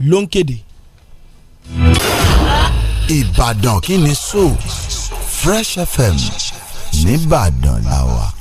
ló ń kéde. Ìbàdàn kí ni so Fresh FM nìbàdàn làwà.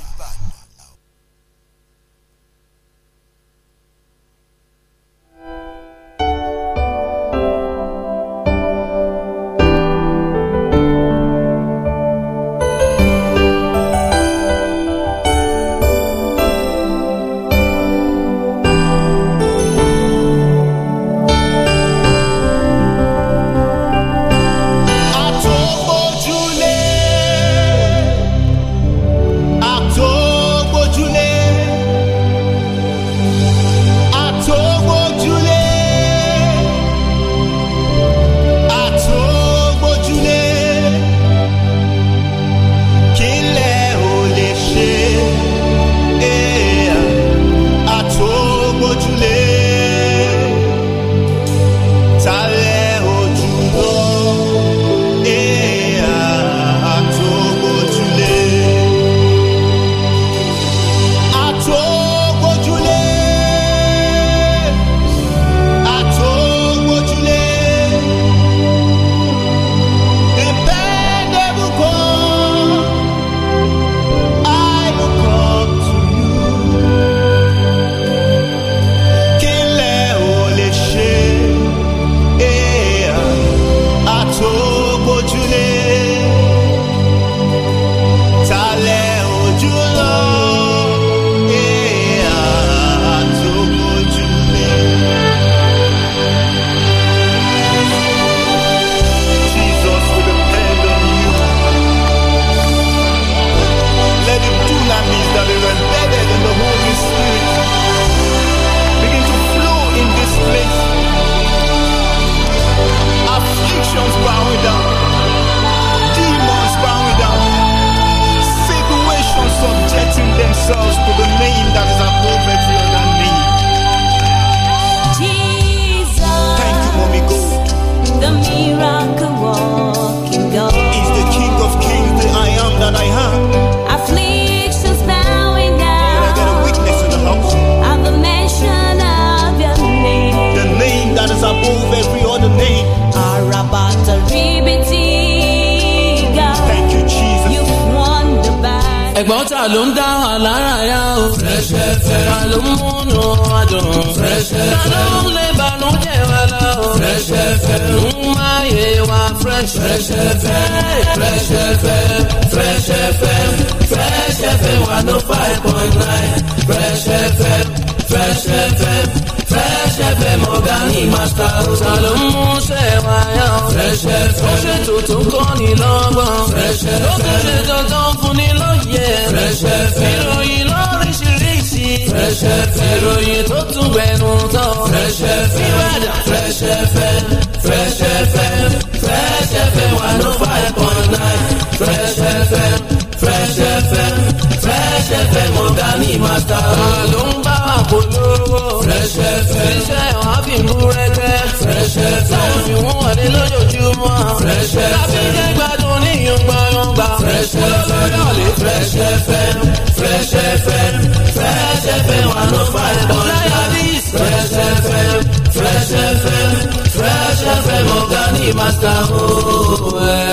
master o ẹ.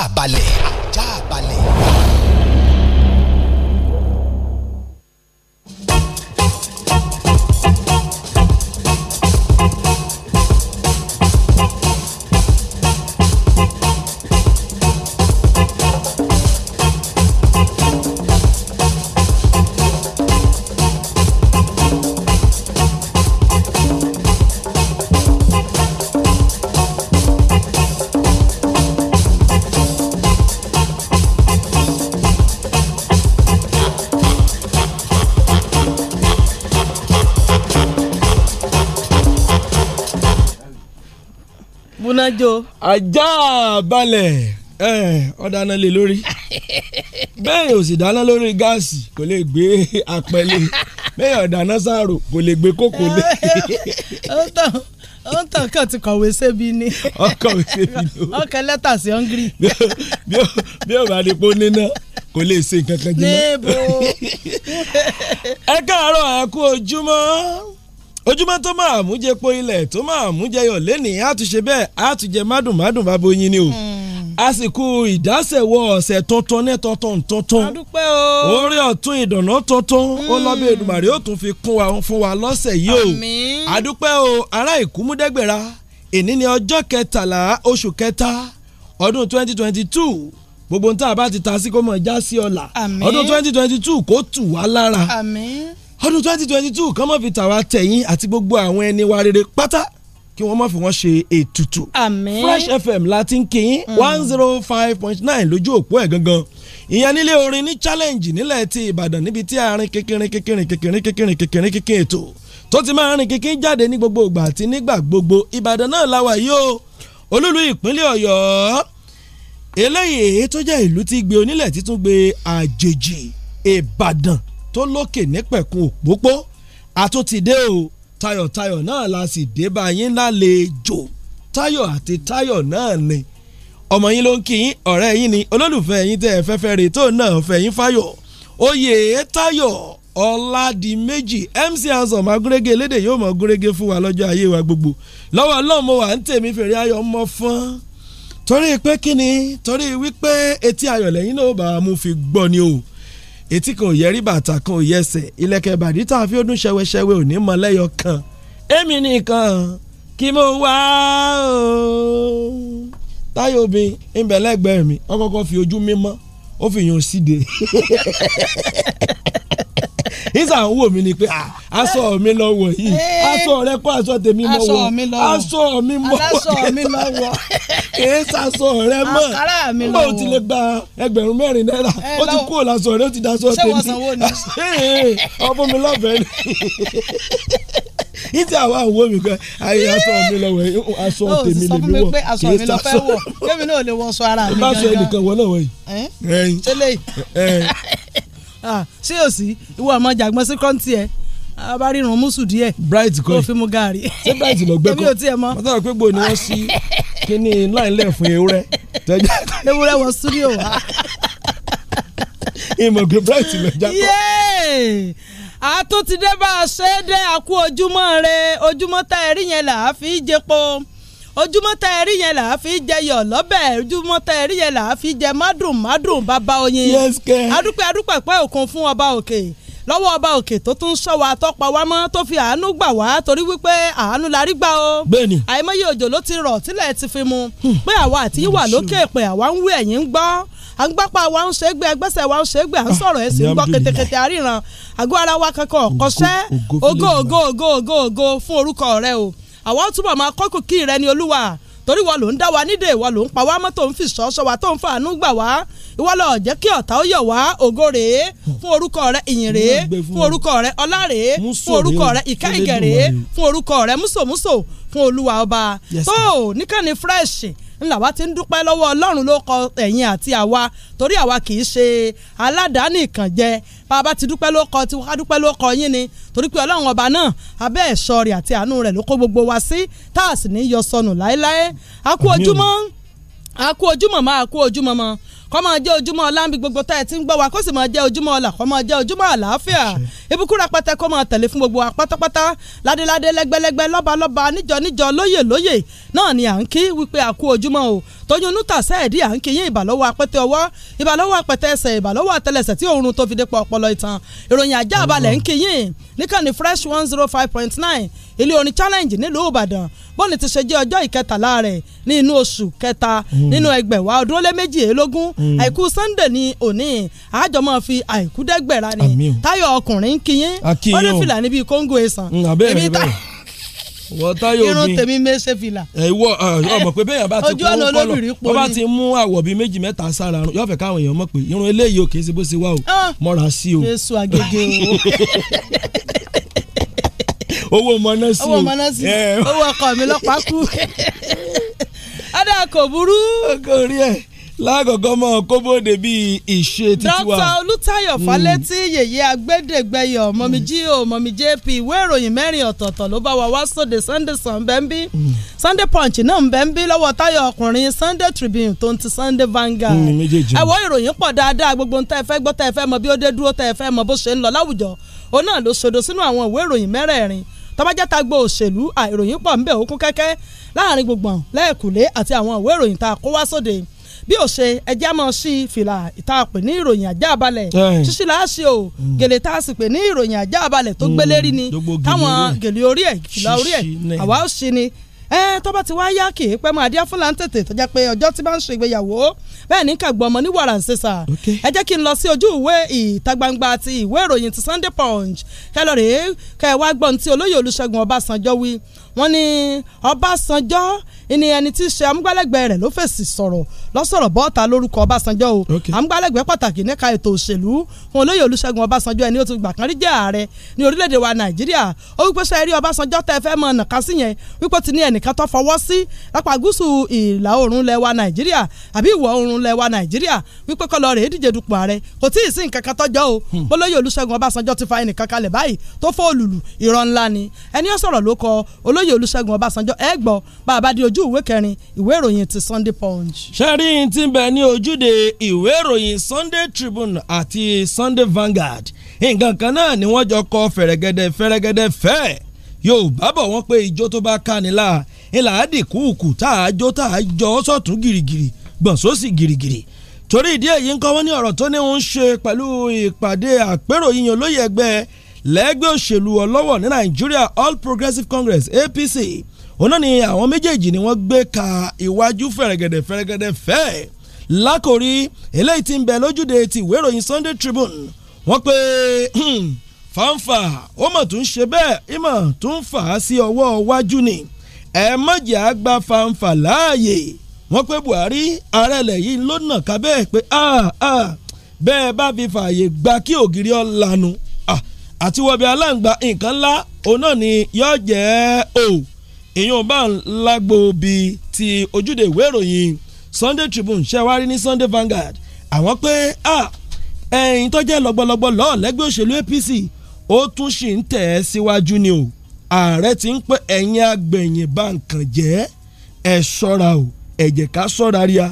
ajá balẹ̀ ajá balẹ̀ ọ dáná lé lórí bẹ́ẹ̀ ò sì dáná lórí gáàsì kò lè gbé apẹ̀lẹ̀ bẹ́ẹ̀ ò dáná sáàrò kò lè gbé kókò lé. ó ń tàn kàn ti kọ̀wé sébi ni ọkọ̀wé sébi ni ó kọ lẹ́tà sí hungary. bí ó bá di pé ó níná kò lè ṣe nǹkan kan jùlọ. ẹ káàárọ̀ ẹ kú ojúmọ́. ojúmọ́ tó máa mú jẹ po ilẹ̀ tó máa mú jẹyọ̀ lẹ́nìí àtúnṣe bẹ́ẹ̀ àtúnjẹ mádùnmádùn bá bóyin ni o àsìkò hmm. ìdásẹ̀wọ̀ ọ̀sẹ̀ tuntun ní tuntun tuntun orí ọ̀tún ìdùnnú tuntun ó lọ́bẹ̀ hmm. Èdùmàrè ó tún fi kún wa fún wa lọ́sẹ̀ yìí o àdúpẹ́ o ará ìkúmúdẹ́gbẹ̀ra èní ni ọjọ́ kẹtàlá oṣù kẹta ọdún twenty twenty gbogbo ntá bá ti ta sí kó mọ̀ já sí ọ̀la ọdún twenty kó tù wá lára ọdún twenty twenty two kàn mọ́ fi tàwa tẹ̀yìn àti gbogbo àwọn ẹni wa rere pátá kí wọ́n má fi wọ́n ṣe ètùtù. àmín Fresh FM láti ń kín mm. one zero oh five point nine lójú òpó ẹ̀ gangan ìyẹn nílé orin ní challenge nílẹ̀ ti Ìbàdàn níbi tí àárín kékeré kékeré kékeré kékeré kékeré kékeré ètò tó ti máa rìn kínkín jáde ní gbogbo ìgbà àti nígbà gbogbo Ìbàdàn náà la wà yìí o olúlu ìpínlẹ̀ Ọ̀yọ́ eléyìí tó jẹ́ ìlú tí gbé onílẹ̀ títún gbé àjèjì Ìbàdàn tó lókè nípẹ̀kun òpópó àtúntìdé o tayọ̀tayọ̀ náà la sì dé bá yín lálejò tayọ̀ àti tayọ̀ náà ni ọmọ yín ló ń kí yín ọ̀rẹ́ yín ni olólùfẹ́ yín tẹ́ ẹ fẹ́fẹ́ rè tó náà fẹ́ yín fáyọ̀ oyè tayọ̀ ọ̀làdìmẹ́jì mc ansom agúrégé elédè yóò mọ̀ agúrégé fún wa lọ́jọ́ ayé wa gbogbo lọ́wọ́ ọlọ́run mo wà ń tèmi fèrè ayọ̀ mọ́ fún torí pé kíni torí wípé etí ayọ̀ lẹ́yìn náà bá mú fi gbọ́ ni o etí kan ò yẹ rí bàtà kan ò yẹsẹ̀ ilẹ̀kẹ̀ bàdí tá a fi ọdún ṣẹwẹ́ṣẹwẹ́ ò ní mọ lẹ́yọ kan èmi nìkan kí mo wá o táyọ̀ obìn ńbẹ̀lẹ́gbẹ̀ẹ́ mi wọ́n kọ́kọ́ fi ojú mímọ́ ó fi yàn síde nígbà ń wò mí ni pé aṣọ mi lọ wọ̀ yìí aṣọ rẹ kó aṣọ tèmi mọ wọ aṣọ mi mọ wọ kìí ṣaṣọ rẹ mọ mo ti lè gba ẹgbẹ̀rún mẹ́rin náírà ó ti kúrò lásọ rẹ ó ti daṣọ tèmi ọmọ mi lọ́bẹ̀ẹ́ ní ti àwọn àwọn mi kan ayé aṣọ mi lọ́wọ́ aṣọ tèmi lèmi wọ̀ kìí ṣaṣọ kébì náà lè wọ sọ ara mi gangan. ìbáṣọ ẹnìkan wọ náà wọ yìí. ṣẹlẹ̀ eh, yìí. Eh, Ah, ṣé o sí ìwọ àmọ́ jàgbọ́n sí kọ́ńtì ẹ̀ abárírun mùsùn díẹ̀ bright kọ́ kó fi mu gààrí ṣé bright lọ gbẹ́kọ̀ èmi ò tiẹ̀ mọ́ pátá rẹ̀ pé gbòò ni wọ́n sí kíní láì fún ewúrẹ́ tẹ́jà ewúrẹ́ wọ studio wa ìmọ̀ pé bright lọ jákọ́ àtúntì dé bá a ṣe é dé àkú ojúmọ́ rẹ ojúmọ́ tá ẹ̀rí yẹn là á fi í jẹpo ojúmọ́ tá ẹ rí yẹn là á fi jẹyọ̀ lọ́bẹ̀ ojúmọ́ tá ẹ rí yẹn là á fi jẹ mádùn mádùn bàbá oyin adúpẹ́ adúpẹ́ pẹ́ òkun fún ọba òkè lọ́wọ́ ọba òkè tó tún sọ wa tọ́pa wa mọ́ tó fi àánú gbà wá torí wípé àánú la rí gbà o. bẹ́ẹ̀ni. àìmọye òjò ló ti rọ̀ tílẹ̀ ti fi mu. pé àwa àti yín wà lókè pé àwa ń wí ẹ̀yìn ń gbọ́ à ń gbápá wa ń ṣègbè ẹgbẹ́sẹ̀ wa ń ṣègbè à ń sọ̀rọ̀ ẹ̀sìn gbọ́ kẹtẹkẹtẹ àríran àgọ́ ara wa kankan ọ̀kọ́ṣẹ́ ògo ògo ògo ògo fún orúkọ rẹ o àwa ó túbọ̀ máa kọ́kù kí rẹ ni olúwa torí wọ́n ló ń dá wa nídè wọ́n ló ń pa wá mọ́tò ń fi sọ́sọ́ wa tó ń fàánú gbà wá ìwọ́n lọ jẹ́ kí ọ̀tá ó yọ̀ wá ògo rèé fún orúkọ rẹ ìyìn rèé fún orúkọ rẹ ọlá rèé fún orúkọ rẹ ìkẹ́ ìgẹ̀ rèé fún orúkọ rẹ músòmúsò fún olúwa ọba tó níkànnì fresh ńlàwá ti ń dúpẹ́ lọ́wọ́ ọlọ́run ló kọ ẹ̀yin àti àwa torí àwa kì í ṣe aládàáni ìkànjẹ bá ti dúpẹ́ ló kọ tiwa dúpẹ́ ló kọ yín ni torí pé ọlọ́run ọba náà abẹ́ ẹ̀ṣọ́ rẹ̀ àti àánú rẹ̀ ló kó gbogbo wa sí tá a sì ní yọ sọnù láéláé a kú ojúmọ́ a kú ojúmọ́ máa kú ojúmọ́ máa kọ́ máa jẹ́ ojúmọ́ ọlá níbi gbogbo tá ẹ ti ń gbọ́ wa kó sì máa jẹ́ ojúmọ́ ọlà kọ́ máa jẹ́ ojúmọ́ àlàáfíà ibùkúra pátá kó máa tẹ̀lé fún gbogbo wa pátápátá ládéládé lẹ́gbẹ́lẹ́gbẹ́ lọ́balọ́ba níjọ níjọ lóyè lóyè náà ni à ń kí wípé à kú ojúmọ́ o tóyún nútà sẹ́ẹ̀dí à ń kí yín ìbàlọ́wọ́ apẹ́tẹ ọwọ́ ìbàlọ́wọ́ apẹ́tẹ ẹsẹ̀ ìbàlọ́wọ́ àtẹlẹsẹ̀ tí òórùn tó fi dé pa ọpọlọ ìtàn ìròyìn ajá àbálẹ̀ ń kí yín níkànnì fresh one zero five point nine ilé orin challenge nílùú ìbàdàn bóni ti ṣe jẹ́ ọjọ́ ìkẹtàlá rẹ̀ ní inú oṣù kẹta hmm. nínú ẹgbẹ̀wá ọdún ó lé méjìlélógún hmm. àìkú sunday ni òní àjọmọ́ fi àìkú dẹ́gbẹ̀rà ni táyọ̀ ọkùnrin kìyín ó fìlà níbi kóńgò èsàn hmm, èmi táyọ̀ irun tèmi mése fìlà. ẹ wọ eh, ọmọ pé bẹ́ẹ̀ bá ti kó kọ́lọ̀ wọ́n bá ti mú àwọ̀ bíi méjì mẹ́ta sára yóò fẹ́ káwọn èèyàn mọ̀ pé irun eléyìí ò kì í ṣe bó ṣe wá o ah! mọ́ra sí o. Jésù àgègè o. owó mọ́násì owó mọ́násì owó ọkọ mi lọ́pàá kú ọ̀dà kò burú. ọkọ rí ẹ lákọ̀ọ́kọ́ mọ́ kóbóde bíi ìṣe títí wa. dr olùtayọ̀ hmm. falẹ́tí yèyé agbẹ́dẹ́gbẹ́yọ̀ hmm. mọ̀mí o mọ̀mí jp ìwé ìròyìn mẹ́rin ọ̀tọ̀ọ̀tọ̀ ló bá wa wá sóde sunday sun bẹ́ẹ̀ bí sunday punch náà ń bẹ́ẹ̀ ń bí lọ́wọ́ tayọ̀ ọkùnrin sunday tribune tó ń ti sunday vanguard. ẹ̀wọ́ hmm, ìròyìn pọ̀ dáadáa gbogbo ń tẹ́ ẹ fẹ́ gbọ́ tẹ́ ẹ fẹ́ mọ bí ó dé dúró tẹ́ ẹ fẹ́ mọ bó ṣe ń lọ láwùjọ òun náà ló ṣodo sínú àwọn ìwé ìròyìn mẹ́rẹ̀ẹ̀rin tọ́bájáta gbọ́ òṣèlú àìròyìn pọ̀ ńbẹ̀ òkun kẹ́kẹ́ láàrin gbùngbọ̀n lẹ́ẹ̀kùlé àti àwọn ìwé ìròyìn tá a kó wá sóde bí o ṣe ẹjẹ́ mọ̀ sí fìlà tá a pè ní ìròyìn ajá balẹ̀ ṣíṣí là á ṣe o hmm. gèlè tá a sì pè ní ìròyìn ajá balẹ̀ tó gbélérí hmm. ni táwọn gèlè orí ẹ̀ fìlà orí ẹ̀ àwa ó ṣí ni ẹ tó bá ti wá yá kì í pẹ́ mọ́ adíá fúnla ń tètè tó jẹ́ pé ọjọ́ tí bá ń ṣe ìgbéyàwó bẹ́ẹ̀ ní kàgbọ́n ọmọ ní wàrà ń ẹ jẹ́ kí n lọ sí ojú ìwé ìta gbangba ti ìwé ìròyìn ti Sunday Punch kẹlọ rèé kẹ wá gbọ́n ti olóyè Olúṣẹ́gun Ọbásanjọ́ wí wọ́n ní Ọbásanjọ́ ìní ẹni tí í ṣe amúgbálẹ́gbẹ̀ẹ́ rẹ̀ ló fèsì sọ̀rọ̀ lọ́sọ̀rọ̀ bọ́ọ̀ta lórúkọ Ọbásanjọ́ o amúgbálẹ́gbẹ̀ẹ́ pàtàkì níka ètò òṣèlú wọn olóyè Olúṣẹ́gun Ọbásanjọ́ ẹni ó ti gbà kan rí jẹ́ ààrẹ ní orílẹ̀-èdè wa Nàìjíríà ó wípé ṣe rí Ọbásanjọ́ tẹ́ fẹ́ mọ nàka sí yẹn wípé ti ní ẹnìkan tó fọwọ́ sí lápá gúúsù ìlà oòrùn lẹ̀ wa Nàìjíríà àbí ìwọ̀ oòrùn lẹ̀ wa Nàìjíríà wípé kọ́ lọ rèé díje dupò ààrẹ kò tí ì sí nǹkan kan tọ́jọ́ o hmm. olóyè Olúṣẹ́gun Ọbásanjọ́ ti fa ẹnìkan kalẹ̀ báyìí tó fọ́ òlùlù ìrọ̀ ńlá ni ẹni ó sọ̀rọ̀ ló kọ olóyè Olúṣẹ́gun Ọbásanjọ́ ẹ gbọ́ bá a bá di ojú ojú ìwé kẹrin ìwé ìròyìn ti Sunday Punch. sẹ́rí ti bẹ̀ ní ojúde ìwé ìròyìn Sunday Tribune àti Sunday Vanguard nǹkan kan náà ni wọ́n jọ kọ fẹ̀rẹ̀gẹ̀dẹ̀ fẹ̀rẹ̀gẹ̀dẹ̀ fẹ́ Yorùbá bọ̀ wọ́n pé ijó tó bá kani la ńlá àdìkúùkù tá a jó tá a jọ ọ́ sọ̀tún gìrìgìrì gbọ̀nsósì gìrìgìrì torí ìdí èyí ńkọ́ wọ́n ní ọ̀rọ̀ tó ní ń ṣe pẹ̀lú ìpàdé àpérò yíyan olóyè ẹgbẹ́ lẹ́gbẹ́ òṣèlú ọlọ́wọ̀ ní Nàìjíríà All Progressives Congress APC òun náà ni àwọn méjèèjì ni wọ́n gbé ka iwájú fẹ̀rẹ̀gẹ̀dẹ̀ fẹ̀rẹ̀gẹ̀dẹ̀ fẹ́ẹ̀ lákòrí eléyìí tí ń bẹ lójúde ti ìwé Sunday Tribune wọ́n pé hmm, fanfa ó mọ̀ tún ṣe bẹ́ẹ̀ ìmọ̀ tún fà á sí ọwọ́ wájú ni ẹ mọ̀jẹ̀ á gba fanfa láàyè wọ́n pé Buhari ààrẹ ilẹ̀ yìí ló nà ká bẹ́ẹ̀ pé bẹ́ẹ̀ bá fi fààyè gba kí ògiri ọ̀ lanu àtiwọ́bi aláǹgbá nǹkan ńlá òun náà ni yóò jẹ́ o. Oh ìyún bá ń lágbo bi ti ojúde ìwé ìròyìn Sunday Tribune ṣẹwárí ní Sunday Vanguard àwọn pé ẹ̀yìn tó jẹ́ lọ́gbọ́lọ́gbọ́ lọ́ọ̀ lẹ́gbẹ́ òṣèlú APC ó tún sì ń tẹ̀ ẹ́ síwájú ni o ààrẹ ti ń pẹ́ ẹ̀yìn agbẹ̀yìn bá nǹkan jẹ́ ẹ̀ ṣọ́ra o ẹ̀jẹ̀ ká ṣọ́ra ríà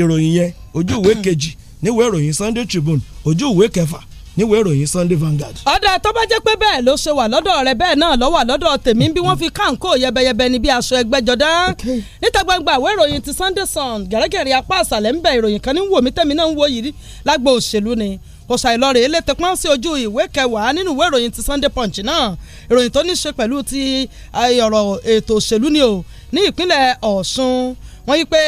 ìròyìn yẹn ojú ìwé kejì níwèé ìròyìn Sunday Tribune ojú ìwé kẹfà níwèé ìròyìn Sunday Vanguard. ọ̀dà tó bá jẹ́ pé bẹ́ẹ̀ ló ṣe wà lọ́dọ̀ rẹ bẹ́ẹ̀ náà lọ́wọ́ lọ́dọ̀ tèmi bí wọ́n fi káńkó yẹbẹyẹbẹ níbi aṣọ ẹgbẹ́jọdá níta gbangba àwọn ìròyìn ti Sunday Sun gẹ̀rẹ́gẹ̀rẹ́ apá àṣàlẹ̀ ń bẹ ìròyìn kan ní wò mí tẹ̀mí náà ń wò yìí lágbo òṣèlú ni kò ṣàìlọ́rẹ̀ ilé tẹpọ́n sí ojú ìwé kẹwàá nínú ìwé ìròyìn ti Sunday Punch náà ìròyìn tó ní ṣe pẹ̀lú ti ọ̀rọ̀ ètò òṣèlú ni o ní ìpínlẹ̀ Ọ̀ṣun wọ́n yí pé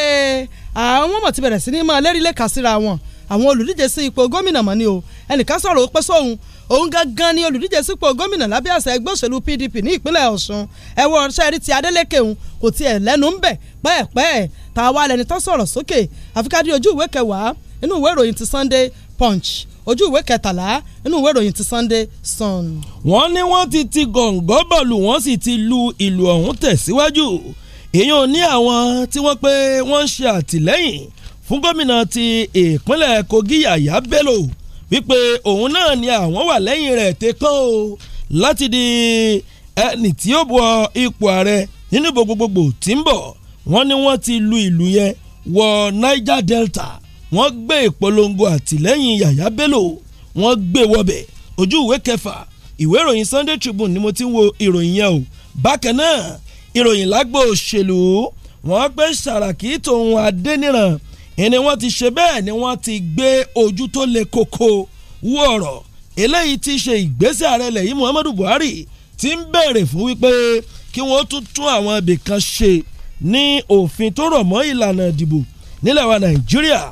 àwọn ọmọ ti bẹ̀rẹ̀ sí ní máa lérí lẹ́ka síra wọn àwọn olùdíje sí ipò gómìnà mọ́ ni o ẹnìkan sọ̀rọ̀ ó pẹ́ sóhun òun gangan ni olùdíje sípò gómìnà lábẹ́ àṣà ẹgbẹ́ òṣèlú PDP ní ìpínlẹ̀ Ọ̀ṣun ẹ̀wọ̀n ọ̀ṣẹ́ rí ti Adeleke òun kò tiẹ̀ lẹ́nu ń bẹ̀ pẹ́ẹ̀pẹ́ẹ̀ tá a wá lẹni tó sọ̀rọ̀ sókè àfikádé ojú ìwé kẹwàá inú ìwé ìròyìn ti Sunday Punch ojú ìwé kẹtàlá inú ìwé ìròyìn ti Sunday Sun. wọ́n ní wọ́n ti ti gọ̀ǹgọ́ bọ̀lù wọ́n sì ti lu ìlú ọ̀hún tẹ̀síwájú èèyàn ní àwọn tí wọ́n pé wọ́n ń ṣe àtìlẹ́yìn fún gómìnà ti ìpínlẹ̀ Kogi Yàyà Bello wípé òun náà ni àwọn wà lẹ́yìn rẹ̀ tẹ́kàn o láti di ẹni tí ó bọ ipò ààrẹ nínú ìbò gbogbogbò tí ń bọ̀ wọ́n ní wọ́n ti lu ìlú yẹn wọ Niger Delta wọ́n gbé ìpolongo àtìlẹ́yìn Yàyà Bello wọ́n gbé wọbẹ̀ ojú ìwé kẹfà ìwé ìròyìn Sunday Tribune ni mo ti ń wo ìròyìn yẹn o bákan náà ìròyìn lágbo òṣèlú wọ́n pé Sàràkí tòun Adéníran ìní wọ́n ti ṣe bẹ́ẹ̀ ni wọ́n ti gbé ojú tó le koko wú ọ̀rọ̀ eléyìí ti ṣe ìgbésẹ̀ ààrẹ ilẹ̀ yìí Muhammadu Buhari ti ń béèrè fún wípé kí wọ́n tún tún àwọn ibì kan ṣe ní òfin tó rọ̀ mọ́ ìlànà ìdìbò nílẹ̀ wa Nàìjíríà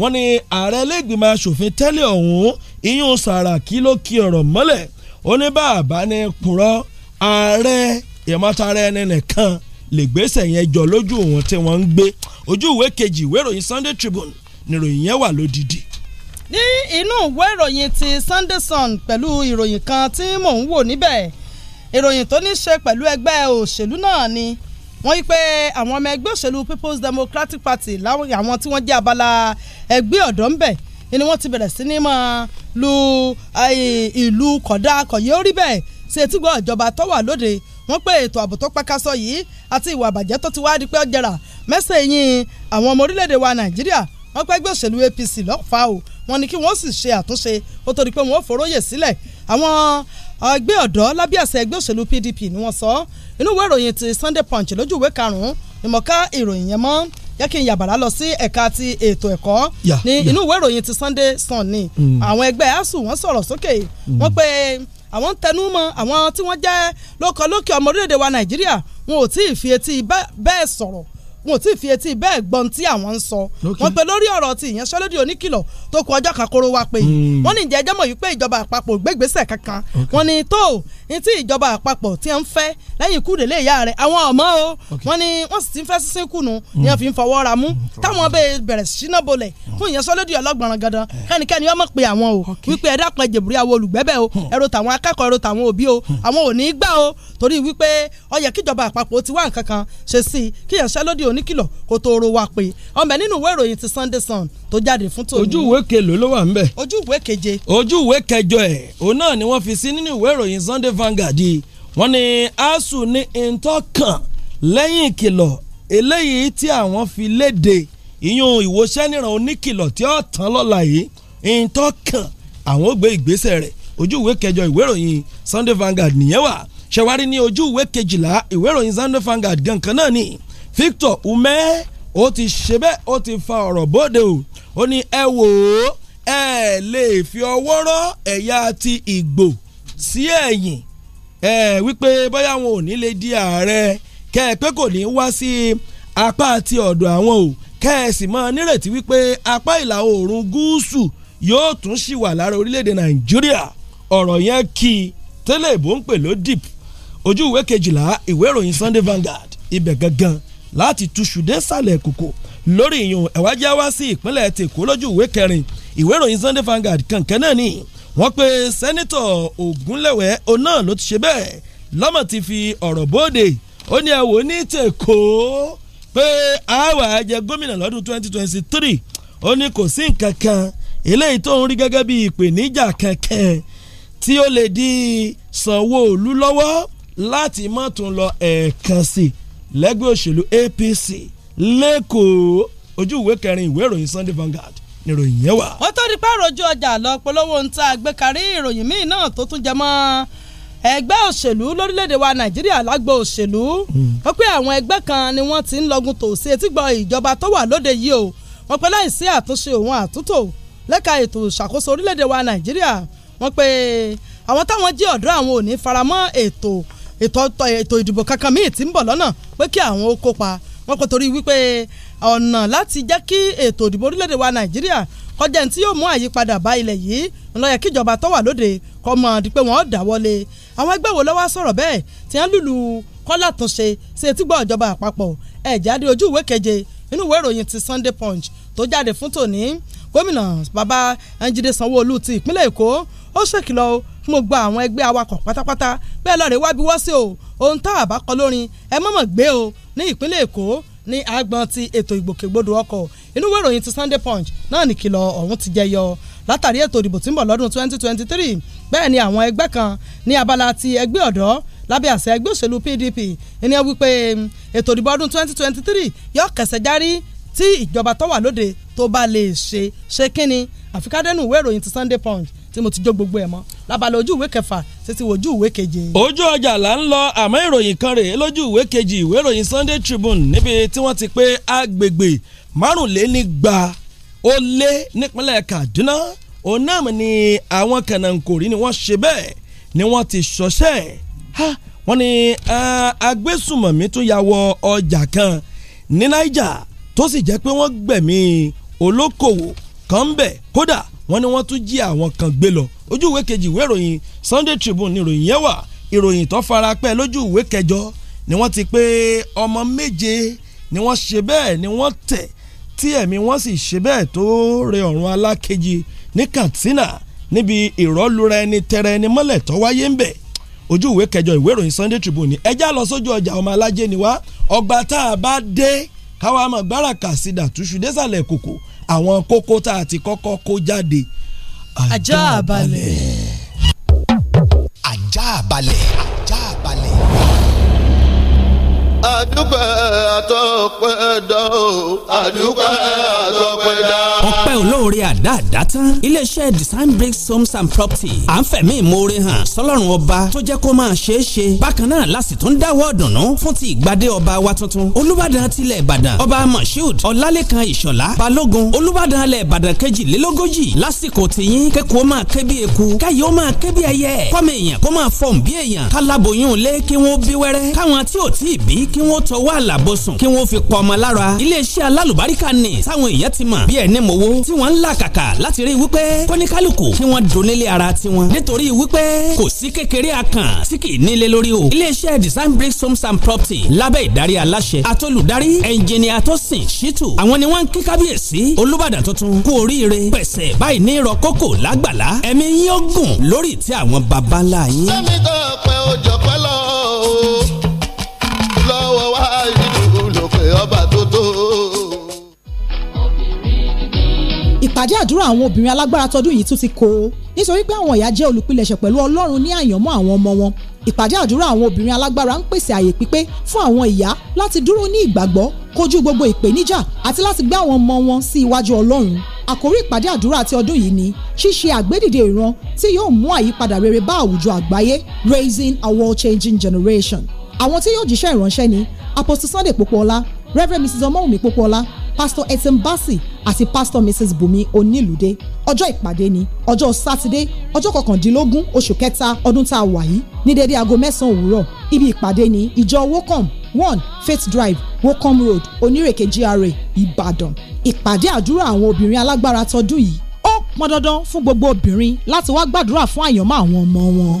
wọ́n ní ààrẹ ilégbìmọ̀ asòfin tẹ́lẹ̀ ọ̀hún iyún Sàràkí ló kí ọ̀rọ̀ mọ́lẹ̀ ó ní kùrọ̀ ààrẹ ìmọ̀tara ẹni nìkan lẹ́gbẹ́sẹ̀ yẹn jọ lójú òun tí wọ́n ń gbé ojú ìwé kejì ìwé ìròyìn Sunday Tribune níròyìn yẹn wà lódìdí ní inú ìwé ìròyìn ti Sunday Sun pẹ̀lú ìròyìn kan tí mò ń wò níbẹ̀ ìròyìn tó ní ṣe pẹ̀lú ẹgbẹ́ òṣèlú náà ni wọ́n wí pé àwọn ọmọ ẹgbẹ́ òṣèlú People's Democratic Party láwọn àwọn tí wọ́n jẹ́ abala ẹgbẹ́ ọ̀dọ́ ń bẹ̀ ni wọ́n ti bẹ̀rẹ̀ sí ní máa lu ìlú kọ̀dá kọ̀yé orí bẹ́ẹ̀ sí etígbọ̀ ìjọba tó wà lóde wọ́n pé ètò ààbò tó pẹ́kásọ yìí àti ìwà àbàjẹ́ tó ti wá di pé ó jẹrà mẹ́sẹ̀ yín àwọn ọmọ orílẹ̀-èdè wa Nàìjíríà wọ́n pẹ́ ẹgbẹ́ òṣèlú APC lọ́fà o wọ́n ní kí wọ́n sì ṣe àtúnṣe ó torí pé wọ́n foróyè sílẹ̀ àwọn ẹgbẹ́ ọ̀dọ́ lábẹ́ àṣẹ ẹgbẹ́ òṣèlú PDP ni wọ́n sọ inú ìwé ìròyìn ti Sunday Punch lójú ìwé karùn-ún ìmọ̀ká ìròyìn yẹn mọ́ jẹ́ kí n yàbàrá lọ sí ẹ̀ka ti ètò ẹ̀kọ́ ní inú ìwé ìròyìn ti Sunday Sun ni hmm. àwọn ẹgbẹ́ ASUU wọ́n sọ̀rọ̀ sókè hmm. wọ́n pé àwọn ń tẹnu mọ́ àwọn tí wọ́n jẹ́ lóko lókè ọmọ orílẹ̀-èdè wa nàìjíríà wọn ò tí ì fi etí bẹ́ẹ̀ sọ̀rọ̀ wọn ò tí ì fi etí bẹ́ẹ̀ gbọ́n tí àwọn ń sọ wọn pe lórí ọ̀rọ̀ ti ìyanṣẹ́lódì oníkìlọ̀ tó kù ọjọ́ kan kóró wa pé hmm. wọ́n ní ìjẹ́jẹ́ mọ̀ wípé ìjọba àpapọ̀ gbégbèsè kankan wọ́n ní tó ní tí ìjọba àpapọ̀ tí ń fẹ́ lẹ́yìn ikú délé ìyá rẹ̀ àwọn ọmọ o wọ́n ní wọ́n sì ti ń fẹ́ sísìn kùnú mm. ni wọ́n fi ń fọwọ́ ra mú mm. táwọn bẹ́ẹ̀ bẹ̀rẹ̀ síná bolẹ̀ mm. fún ìyẹnsọ́lódì ọlọ́gbọ̀nràn gandan kẹ́nikẹ́ni ọmọ pe àwọn o wípé ẹ dákun ẹ̀jẹ̀bùrí àwọn olùgbẹ́bẹ̀ o ẹ̀rọ tàwọn akẹ́kọ̀ọ́ ẹ̀rọ tàwọn òbí o àwọn ò ní í gbà o torí wípé ó kíjọba àpapọ̀ ti wá nǹkan kan ṣe sí i kí ìyẹnsọ́lódì oníkìlọ̀ kó tó ro wa pé ọmọ nínú ìwé ìròyìn ti Sunday Sun tó jáde fún tòun. ojú ìwé kelo ló wà ń bẹ̀. ojú ìwé keje. ojú ìwé kẹjọ ẹ̀ òun náà ni wọ́n fi sí nínú ìwé ìròyìn Sunday Vanguard wọ́n ní ASUU ní ntọ́kàn lẹ́yìn ìkìlọ̀ eléyìí tí àwọn fi léde ìyún ìwòsẹ́nìràn oníkìlọ̀ tí ó tán lọ́la yìí ntọ́kàn àwọn ò gbé ìgbésẹ̀ rẹ̀ ojú ìwé kẹjọ ìwé ìròyìn Sunday Vanguard nìyẹn wà ṣẹwárí ní ojú ìwé kejìlá ìwé ìròyìn Sunday Vanguard gan kan náà ni Victor Ume ó ti ṣe bẹ́ẹ̀ ó ti fa ọ̀rọ̀ bóde o ó ní ẹ wò ó ẹ lè fi ọwọ́ rọ́ ẹ̀yà ti Ìgbò sí ẹ̀yìn wípé bóyá wọn ò ní lè di ààrẹ kẹ́ ẹ pé kò ní wá sí apá àti ọ̀dọ̀ àwọn o kẹ́ ẹ sì máa nírètí wípé apá ìlà oòrùn gúúsù yóò tún ṣì wà lára orílẹ̀-èdè nàìjíríà ọ̀rọ̀ yẹn kí tẹ́lẹ̀ ìbò ń pè ló dìp ojú ìwé kejìlá ìwé ìròyìn Sunday Vanguard ibẹ̀ gangan láti túṣùdé sàlẹ̀ kòkò lórí ìyún ẹ̀wájá wá sí ìpínlẹ̀ tèkó lójú ìwé kẹrin ìwé ìròyìn Sunday Vanguard kànkẹ́ náà ni wọ́n pe sẹ́nitọ̀ Ògúnlẹ̀wẹ̀ ọ̀nà ló ti ṣe bẹ́ẹ̀ lọ́mọ ti fi ọ̀rọ̀ bóde ó ní ẹ ní tèkó pé àwa jẹ gómìnà lọ́dún 2023 ó ní kò sí nǹkan kan eléyìí tó ń rí gẹ́gẹ́ bí ìpèníjà kankan tí ó lè di Sanwó-Olú lọ́wọ́ láti má tún lọ ẹ̀ẹ̀kan sí lẹ́gbẹ́ òṣèlú APC lẹ́kọ̀ọ́ ojú ìwé kẹrin ìwé ìròyìn Sunday Vanguard níròyìn yẹn wà. wọ́n tó di pé àròjù ọjà lọ polówó ń ta àgbékarí ìròyìn míì náà tó tún jẹ mọ́ ẹgbẹ́ òṣèlú lórílẹ̀‐èdè wa nàìjíríà lágbo òṣèlú hmm. wọ́n pé àwọn ẹgbẹ́ kan ni wọ́n ti ń lọ́gun tòsí etígbọ̀ ìjọba tó wà lóde yìí o wọ́n pé láìsí àtúnṣe òun àtúntò lẹ́ka ètò ìṣàkóso orílẹ̀‐èdè wa nàìjíríà wọ́n pé àwọn táwọn jí ọ̀dọ́ àwọn ò ní faramọ́ ètò ètò ìdìbò kankan míì tí ń bọ̀ lọ́nà pé kí àwọn ó kópa wọ́n kò torí wípé ọ̀nà láti jẹ́ kí ètò òdìbò orílẹ̀-èdè wa nàìjíríà kọjá ní tí yóò mú àyípadà bá ilẹ̀ yìí ńlọ́yẹ̀ kíjọba tó wà lóde kọ́ mọ̀ di pé wọ́n dà wọlé àwọn ẹgbẹ́ wo lọ́wọ́ sọ̀rọ̀ bẹ́ẹ̀ tí wọ́n lùlù kọ́lá túnṣe ṣe etígbọ́ ìjọba àpapọ̀ ẹ̀jẹ̀ adé ojú ìwé keje nínú ìwé ìròyìn ti Sunday Punch tó jáde fún tòní gómìnà Babájídé Sanwó-Olú ti ìpínlẹ̀ Èkó ó ṣèkìlọ̀ fún gbogbo àwọn ẹgbẹ́ awakọ̀ pátápátá bẹ́ẹ̀ lọ́ọ̀rẹ́ wábi wọ́sí o ohun tá a bá kọ lórin ẹ mọ̀mọ̀ gbé o ní ìpínlẹ̀ Èkó ní agbọn ti ètò ìgbòkègbodò ọkọ̀ inú ìwé ìròyìn ti Sunday Punch náà nìkìlọ̀ ọ̀hún ti jẹyọ látàrí ètò ìdìbò tí ń bọ̀ lọ́dún 2023 bẹ́ẹ̀ ni àwọn ẹgbẹ́ kan ní abala ti ẹgbẹ́ ọ̀dọ́ lábẹ́ àṣẹ ẹgbẹ́ òṣèlú PDP ẹni wípé mm, ètò ìdìbò ọdún 2023 yóò kẹsẹ̀ járí tí ìjọba tó wà lóde tó bá lè ṣe ṣe kínni àfikádẹ́nu ìwé ìròyìn ti Sunday Punch tí mo ti jó gbogbo ẹ̀ mọ́ labalẹ̀ ojú ìwé kẹfà títí wojú ìwé keje. ojú ọjà là ń lọ àmọ́ ìròyìn kan rèé lójú ìwé kejì ìwé ìròyìn Sunday Tribune níbi tí wọ́n ti pé agbègbè márùnlénígba ó lé nípínlẹ̀ Kaduna òun náà ni àwọn kànáńkòrí ni wọ́n ṣe bẹ́ẹ̀ ni wọ́n ti ṣọṣẹ́ wọ́n ní agbésùmọ̀mí tún ya wọ ọjà kan ní Niger tó sì jẹ́ pé wọ́n gbẹ̀mí olókòwò kan bẹ̀ kódà wọ́n ní wọ́n tún jí àwọn kan gbé lọ ojú ìwé kejì ìwé ìròyìn Sunday Tribune ni ìròyìn yẹn wà ìròyìn tó fara pẹ́ lójú ìwé kẹjọ ni wọ́n ti pé ọmọ méje ni wọ́n ṣe bẹ́ẹ̀ ni wọ́n tẹ̀ tí ẹ̀mí wọ́n sì ṣe bẹ́ẹ̀ tó re ọ̀run alákejì ní Katsina níbi ìrọ́lura ẹni tẹrẹ ẹni mọ́lẹ̀ tó wáyé ń bẹ̀ ojú ìwé kẹjọ ìwé ìròyìn Sunday Tribune ẹjá lọ sójú ọjà ọmọ alájẹ ni wá ọgbà tá a bá dé káwa mọ̀ gbára kà sí dàtúṣu désàlẹ̀ kòkò àwọn kókó tá a ti kọ́kọ́ kó jáde. ajá àbálẹ̀. ajá àbálẹ̀. ajá àbálẹ̀ àdúpẹ́ àtọ́pẹ́ dá o àdúpẹ́ àtọ́pẹ́ dá. ọpẹ́ olóore àdáàdá tán iléeṣẹ́ design bricks homes and property à ń fẹ̀mí ìmoore hàn sọlọ́run ọba tó jẹ́ kó máa ṣeé ṣe bákan náà láti tún dáwọ́ ọ̀dùnnú fún ti ìgbàdé ọba wa tuntun olùbàdàn tilẹ̀ ìbàdàn ọba moshood ọlálékan ìṣọ̀lá balógun olùbàdàn alẹ̀ ìbàdàn kejìlélógójì lásìkò tìyín kẹ́kọ̀ọ́ máa ké bí eku káyọ̀ máa ké bí ẹyẹ kọ́mọ èèyàn kó máa fọ̀n bí èèyàn kálábòyún lé kí wọ́n bí wẹ́rẹ́ káwọn tí wọ́n tọwọ́ àlàbọ̀ sùn kí wọ́n fi pa ọmọ lára iléeṣẹ́ alálùbáríkà ni táwọn èèyàn ti mọ̀ bí ẹni mọ̀wó tí wọ́n ń là kàkà láti rí wípé kọ́níkálùkù kí wọ́n donílé ara tiwọn nítorí wípé kò sí kékeré akàn tí kì í nílé lórí o iléeṣẹ́ design bricks homes and property lábẹ́ ìdarí aláṣẹ atolùdarí ẹnjìnìà Tosin Shitu àwọn ni wọ́n ń kí kábíyèsí Olúbàdàn tuntun kú oríire pẹ̀sẹ̀ báyìí ní ìrọ̀ kókò lágbàlá ẹ̀mí yín ó gùn lórí ìpàdé àdúrà àwọn obìnrin alágbára tọdún yìí tún ti kó o nítorí pé àwọn ìyá jẹ́ olùpilẹ̀ṣẹ̀ pẹ̀lú Ọlọ́run ní àyànmọ́ àwọn ọmọ wọn ìpàdé àdúrà àwọn obìnrin alágbára ń pèsè àyè pípé fún àwọn ìyá láti dúró ní ìgbàgbọ́ kojú gbogbo ìpèníjà àti láti gbé àwọn ọmọ wọn sí iwájú Ọlọ́run àkórí ìpàdé àdúrà ti ọdún yìí ni ṣíṣe àgbédìde ìran tí yóò mú àyípadà rere bá àwùjọ àgbáyé raising a world changing generation àwọn tí yóò jíṣẹ́ ìránṣẹ́ ni Apostle Sunday Popoola Reverend Mrs. Omowumi Popoola pastor Edson Bassey àti pastor Mrs Bùnmi Onílùdé ọjọ́ ìpàdé ni ọjọ́ sátidé ọjọ́ kọkàndínlógún oṣù kẹta ọdún tá a wà yìí ní dédé aago mẹ́sàn-án òwúrọ̀ ibi ìpàdé ni ìjọ wocom one faith drive wocom road onírèké GRA Ìbàdàn ìpàdé àdúrà àwọn obìnrin alágbára tọdún yìí ó pọn dandan fún gbogbo obìnrin láti wá gbàdúrà fún àyànmọ́ àwọn ọmọ wọn.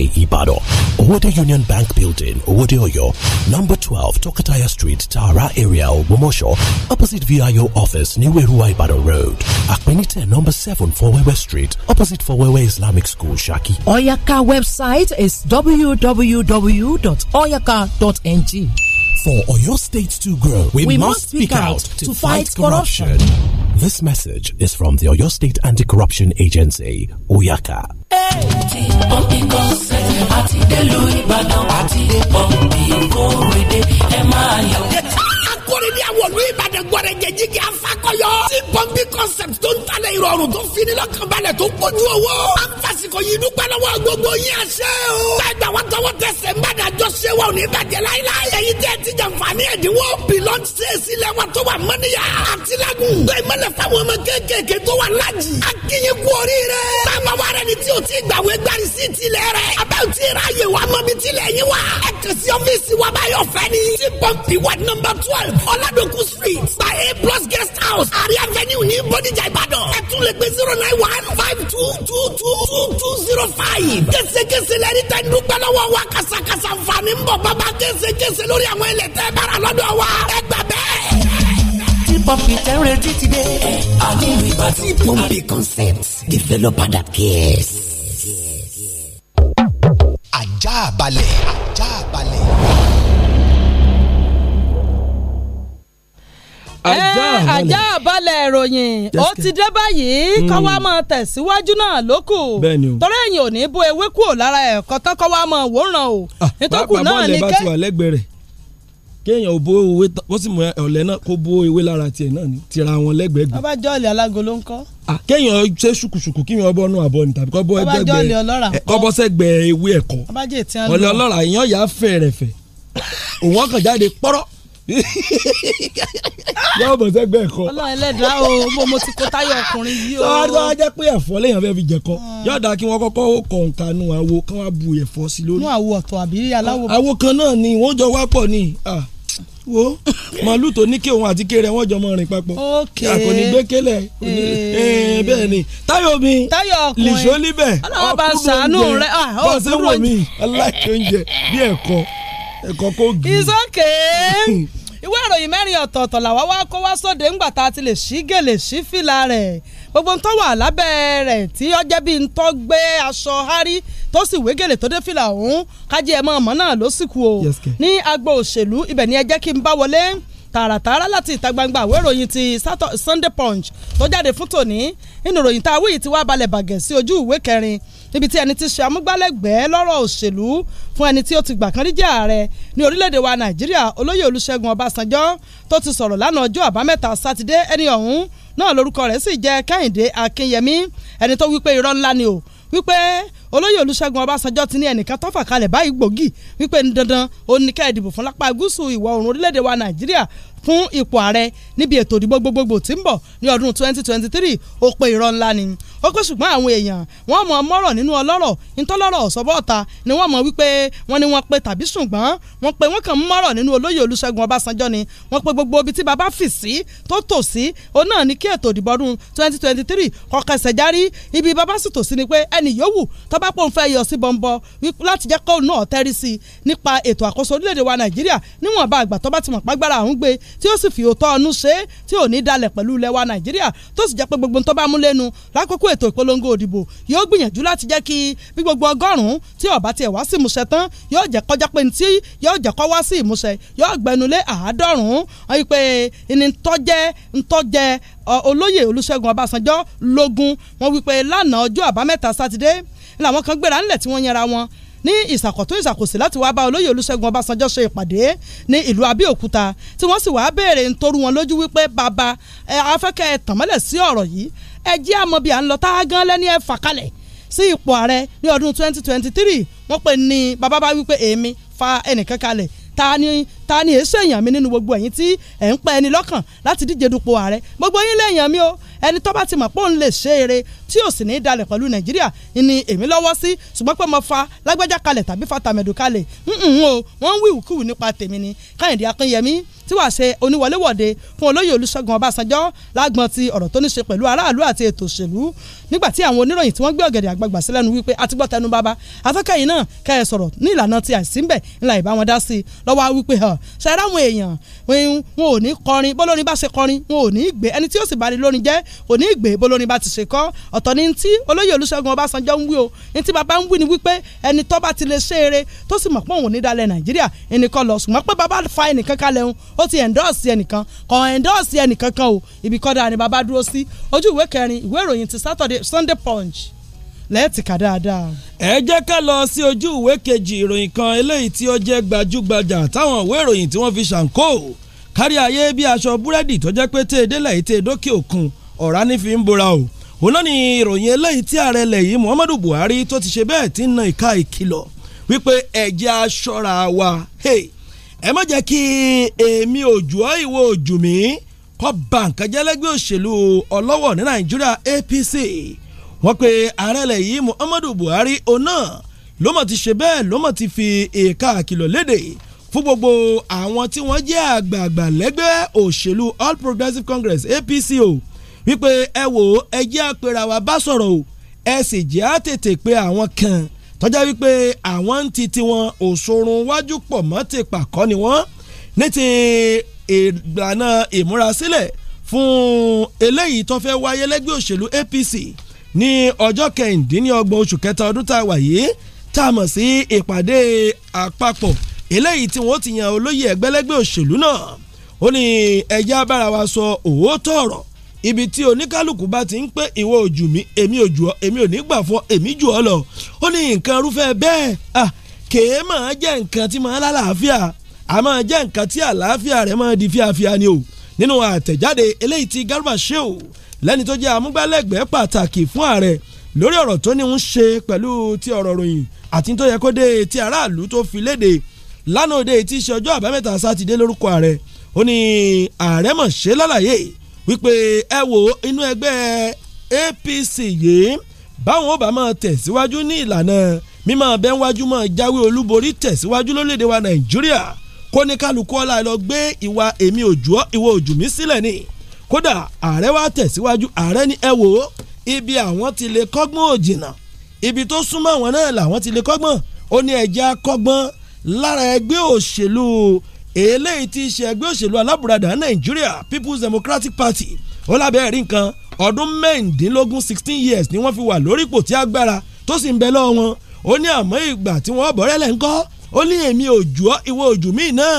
Way, Ibadan. Owode Union Bank Building, Owode Oyo. Number 12, Tokataya Street, Tara area, Ogumosho. Opposite VIO office, Niwerua Ibadan Road. Akpenite, number 7, Fowewe Street. Opposite Fowewe Islamic School, Shaki. Oyaka website is www.oyaka.ng. For Oyo State to grow, we, we must speak out to, fight corruption. corruption. This message is from the Oyo State Anti-Corruption Agency, Oyaka. ní àwọ̀lú ìbàdàn gbọ̀rẹ̀jẹ̀ jíjẹ afakọyọ. tí pọ́ńpì concept tó ń talẹ̀ ìrọ̀rùn tó fini lọ́kànbalẹ̀ tó kojú owó. a ń fasikọ yìí dúpẹ́ lọ́wọ́ gbogbo yín àṣẹ o. gbàgbà wọn tọwọ́ tẹsẹ̀ mbàdà jọ ṣe wa ò ní bàjẹ́ láíláí. èyí tẹ́ ti jàǹfààní ẹ̀dínwó pilọ́t ṣèṣì lẹ́wà tó wà mọ́níyà. àti lagun. tó ìmọ̀lẹ̀ fáwọn ọmọ kéékèèké tó wà lájì. a kì í kú oríire. táwọn wa rẹ̀ ni tí o ti gbàwé gbàrí sí tilẹ̀ rẹ̀ ráàyè wa mọ́bi yín wa. ẹ kàn ọ́fíìsì wa báyọ̀ fẹ́ ni. ti pọ́ǹpì wà nọmba twelve ọ̀làdọ̀kù street by a plus guest house àrí avenue ní bọ́díjà ìbàdàn. ẹ tún lè pe zero nine one five two two two two two zero five. késekése lẹ́ni tẹ́ dúpẹ́ lọ́wọ́ wa kàṣàkàṣà nfààní ń bọ̀ bàbá késekése lórí àwọn ilẹ̀ tẹ́ bára lọ́dọ̀ wa. ẹ gbà bẹ́ẹ̀ pọ́ǹpì tẹ́ ń retí ti dé. àní ìbàdàn. tí pọ́ǹpì concepts developer that cares ajá balẹ̀ ajá balẹ̀. ajá balẹ̀ ìròyìn ó ti dé báyìí káwá mm. máa tẹ̀síwájú náà lókù torí ẹ̀yìn ò ní bó ewé kúrò lára ẹ̀kọ́ tán káwá máa wòran o ah, nítòkù náà ní kẹ́ kéèyàn ò bó ewé ó sì mọ ọ̀lẹ́ náà kó bó ewé lára tiẹ̀ náà ni tira wọn lẹ́gbẹ̀ẹ́gbẹ̀. bàbá jọ́ọ̀lì alágo ló ń kọ́. kéèyàn ṣe ṣùkùṣùkù kí wọ́n bọ́ nù àbọ̀ ni tàbí kọ́ bọ́ ẹgbẹ́gbẹ́ kọ́ bọ́ sẹ́gbẹ̀ẹ́ ewé ẹ̀kọ́ ọ̀lẹ́ ọlọ́ra èèyàn yà á fẹ̀rẹ̀fẹ̀ òun ọkàn jáde pọ́rọ́ yóò bọ̀ sẹ́gbẹ́ ẹ̀kọ́. ọlọ́run ẹlẹ́dàá o mo mo ti kó táyà ọkùnrin yìí o. sọ́wọ́n wá jẹ́ pé ẹ̀fọ́ lèèyàn fẹ́ fi jẹ̀kọ́ hmm. yóò dáa kí wọ́n kọ́kọ́ kọ̀ǹkà nu àwo kí wọ́n bu ẹ̀fọ́ sí lórí. nú àwo ọ̀tọ̀ àbí aláwo. àwo kan náà ni wọ́n jọ wá pọ̀ ni wo màálù tó ní kí òun àti kéré wọn jọ mọ rìn papọ̀ kò ní gbé kélé eh, ni táyọ̀ mi lìṣó líbẹ̀ ọkùnrin oúnjẹ bọ́sẹ̀ wọ̀ mi aláìsí oúnjẹ bí ẹ̀kọ́ ẹ̀kọ́ kó gé. it's okay. ìwé ìròyìn mẹ́rin ọ̀tọ̀ọ̀tọ̀ làwa wá kó wá sóde ńgbà tá a ti lè ṣí gèlè ṣí fìlà rẹ̀ gbogbo ntọ́ wà lábẹ́ rẹ̀ tí ọjẹ́ bíi ntọ́ gbé aṣọ hárí tó sì wé gèlè tó dé fìlà ọ̀hún kájí ẹ̀ mọ́ ọmọ náà ló sì kú o ní agbo òṣèlú ibẹ̀ ni ẹ jẹ́ kí n bá wọlé tààràtààrà láti ìta gbangba àwọn ìròyìn ti Sunday Punch tó jáde fún tòní nínú ìròyìn tá a wíyì ti wá balẹ̀ bàgẹ́ sí ojú ìwé kẹrin níbi tí ẹni tí ṣe amúgbálẹ́gbẹ̀ẹ́ lọ́rọ̀ òṣèlú fún ẹni tí ó ti gbà kan rí jẹ́ ààrẹ ní orílẹ̀-èdè wa Nàìjíríà olóyè Olúṣẹ́gun Ọbásanjọ́ tó ti sọ̀rọ̀ lánàá ọjọ́ àbámẹ́ta sátidé ẹni ọ̀hún náà lórúkọ rẹ̀ sì jẹ́ Kẹ́hìndé Akínyẹmí ẹni tó wípé irọ́ ńlá ni o wípé olóyè olùṣègùn ọbásanjọ́ ti ní ẹnìkan tó fà kalẹ̀ báyìí gbòógì wípé ní dandan ó ní ká fún lápá gúúsù ìwọ̀ oòrùn orílẹ̀-èdè wa nàìjíríà fún ipò ààrẹ níbi ètò ìdìbò gbogbogbò tí ń bọ̀ ní ọdún 2023 ó pe irọ́ ńlá ni ó pé ṣùgbọ́n àwọn èèyàn wọ́n mọ̀ mọ́rọ̀ nínú ọlọ́rọ̀ ntọ́lọ́rọ̀ ọ̀sọ́bọ̀ta ni wọ́n mọ̀ wípé wọ́n ni wọ́n pe tàbí ṣùgbọ́n wọ́n pe wọ́n kàn ń mọ́rọ̀ nínú olóyè olúṣẹ́gun ọbásanjọ́ ni wọ́n pe gbogbo ibi tí baba fì sí tó tò sí òun náà ni kí ètò ìdìbò ọdún 2023 kọkẹsẹ̀ járí ibi baba sì tò sí ni pé ẹnì yòówù tó bá pòun fẹ́ yọ sí bọ́ńbọ́ láti jẹ́ kó náà tẹ́rí sí nípa ètò àkóso orílẹ̀-èdè wa nàìjíríà níwọ̀nba àgbà tó bá ti mọ̀ pàgbára àwọn gbé tí ó sì fi òótọ́ ọnú ṣe é tí ò ní dalẹ̀ pẹ̀lú ilẹ̀ wa nàìjíríà tó sì jẹ́ pé gbogbo tó bá mú lẹ́nu lákòókò ètò ìpolongo òdìbò yóò gbìyànjú láti jẹ́ kí bí gbogbo ọgọ́rùn-ún tí ó bá tiẹ̀ wá sí ìmúṣẹ tán yóò jẹ́ kọjá pé ní tí yóò jẹ́ kọ́ wá sí ìmúṣẹ yóò gbẹnulé àádọ́rùn-ún wọ́n pé ní ntọ́jẹ́ ntọ́jẹ́ olóyè olúṣẹ́gun wípé lánàá ọjọ́ ní ìsàkọ̀tún ìsàkòsì láti wáá bá olóyè olúṣẹ́gun ọbásanjọ́ ṣe ìpàdé ní ìlú abẹ́òkúta tí wọ́n sì wáá béèrè ń torú wọn lójú wípé bàbá afẹ́kẹ́ tàn mọ́lẹ̀ sí ọ̀rọ̀ yìí ẹ jẹ́ àmọ́ à ń lọ tá a gan lẹ́ni ẹ̀ fà kalẹ̀ sí ipò ààrẹ ní ọdún 2023 wọ́n pè ní bàbá bá wípé èmi fa ẹnìkan kalẹ̀ ta ni ta ni èso èèyàn mi nínú gbogbo ẹ̀yin tí ẹ̀ ń pa ẹni lọ́kàn láti díje dupò ààrẹ gbogbo yín lẹ́yìn mi o ẹni tó bá ti mọ̀ pé òun lè ṣe eré tí ò sì ní í dalẹ̀ pẹ̀lú nàìjíríà ni èmi lọ́wọ́ sí ṣùgbọ́n pé mo fa lágbájá kalẹ̀ tàbí fa kalẹ̀ ń o wọ́n ń wíwùkúwù nípa tèmi ni káyìndé akínyẹmí tí wàá ṣe oníwọléwọ̀de fún olóyè olúṣẹ́gun ọbásanjọ́ lágbọ́n ti ọ̀rọ̀ tó ní ṣe pẹ̀lú aráàlú àti ètò òṣèlú nígbà tí àwọn oníròyìn tí wọ́n gbé ọ̀gẹ̀dẹ̀ àgbagbà sílẹ̀ nu wípé àti gbọ́tẹnu bàbá afẹ́kẹ́yìn náà kẹ́ ẹ sọ̀rọ̀ ní ìlànà ti àìsínbẹ̀ ńlá ìbá wọn dá sí i lọ́wọ́ wípé hàn ṣẹ́rẹ́ àwọn èèyàn wọn ò ní kọrin bólórin bá ṣe kọrin wọn ò ní gbé ẹni tí ó sì bá ní lórin jẹ́ ò ní gbé bólórin bá ti ṣe kọ́ ọ̀tọ̀ ni ti olóyè olúṣẹ́gun ọbásanjọ́ ń wí o ní ti bàbá ń wí ni wípé ẹni tó bá ti lè ṣe eré ó ti endorse ẹnìkan kò endorse ẹnìkan kan o ibi kọ́dà ni bàbá dúró sí ojú ìwé kẹrin ìwé ìròyìn ti Saturday Sunday Punch lẹ́ẹ̀tì ká dáadáa. ẹ jẹ́ ká lọ sí ojú ìwé kejì ìròyìn kan eléyìí tí ó jẹ́ gbajúgbajà táwọn ìwé ìròyìn tí wọ́n fi ṣàǹkó kárí ayé bí aṣọ búrẹ́dì tó jẹ́ pé téèdé lẹ́yìn téèdó kí òkun ọ̀rá ní fi ń bora o òun náà ni ìròyìn eléyìí tí ààrẹ ilẹ̀ yìí Muhammadu Buhari tó ti ṣe bẹ́ẹ̀ ti ń na ìka ìkìlọ̀ wípé ẹ̀jẹ̀ aṣọ́ra wa hey ẹ má jẹ́ kí èmi òjò ọ́ òjò mi kọ́ ba nǹkan jẹ́ lẹ́gbẹ́ òṣèlú ọlọ́wọ̀ ní nàìjíríà APC wọ́n pe ààrẹ̀lẹ̀ yìí Muhammadu Buhari ọ̀nà ló mọ̀ ti ṣe bẹ́ẹ̀ ló mọ̀ ti fi ìka àkìlọ̀ léde fún gbogbo àwọn tí wọ́n jẹ́ àgbààgbà lẹ́gbẹ́ òṣèlú All Progressives Congress APC o wípé ẹ wò ó ẹ jẹ́ àpèrè àwa bá sọ̀rọ̀ o ẹ sì jẹ́ àtètè pé àwọn kan tọ́já wípé àwọn ń ti tiwọn òṣòrun wájú pọ̀ mọ́ ti pàkọ́ ni wọ́n ní ti ìlànà ìmúrasílẹ̀ fún eléyìí tó fẹ́ wáyé lẹ́gbẹ́ òṣèlú APC ní ọjọ́ kẹrìndínlọ́gbọ̀n oṣù kẹta ọdún tá a wà yìí tá a mọ̀ sí ìpàdé àpapọ̀ eléyìí tí wọ́n ti yan olóyè ẹgbẹ́lẹ́gbẹ́ òṣèlú náà ó ní ẹjẹ́ abára sọ òótọ́ ọ̀rọ̀ ibi tí oníkálukú bá ti ń pé ìwọ ojú mi èmi ojú ọ èmi ò ní gbà fún ọ èmi jù ọ lọ ó ní nǹkan irúfẹ́ bẹ́ẹ̀ kèé máa jẹ́ nǹkan tí máa lálàáfíà a máa jẹ́ nǹkan tí àlàáfíà rẹ̀ máa di fíafíà ni o nínú àtẹ̀jáde eléyìí tí Garba Shehu lẹ́ni tó jẹ́ amúgbálẹ́gbẹ̀ẹ́ pàtàkì fún ààrẹ lórí ọ̀rọ̀ tó ní ń ṣe pẹ̀lú ti ọ̀rọ̀ ròyìn àti tó yẹ kó dé ti aráàlú tó fi léde lánàá òde tí ṣe ọjọ́ àbámẹ́ta sátidé lórúkọ ààrẹ ó ní ààrẹ mọ̀ ṣe lálàyé wípé ẹ wo inú ẹgbẹ́ APC yìí báwọn ò bá máa tẹ̀síwájú ní ìlànà mímọ́ abẹ́ wájú máa jáwé olúborí tẹ̀síwájú lórílẹ̀‐èdè wa Nàìjíríà kó ní kálukú ọ̀la lọ gbé ìwà èmi òjò ìwọ òjò mi sílẹ̀ ni kódà ààrẹ wa tẹ̀síwájú ààrẹ ni ẹ wò ó ibi àwọn ti lè kọ́gbọ́n òjìnà ibi tó súnmọ́ àwọn náà làwọn ti lè kọ́gbọ́n ó ní ẹja kọ́gbọ́n lára ẹgbẹ́ òṣèlú eléyìí ti ṣe ẹgbẹ́ òṣèlú alábùradà nàìjíríà people's democratic party ó lábẹ́ ẹ̀rí nǹkan ọdún mẹ́rìndínlógún sixteen years ni wọ́n fi wà lórí ipò tí agbára tó sì ń bẹ lọ́wọ́ wọn ó ní àmọ́ ìgbà tí wọ́n bọ̀rẹ́ lẹ̀ ń kọ́ ó ní èmi òjò ìwọ òjò míì náà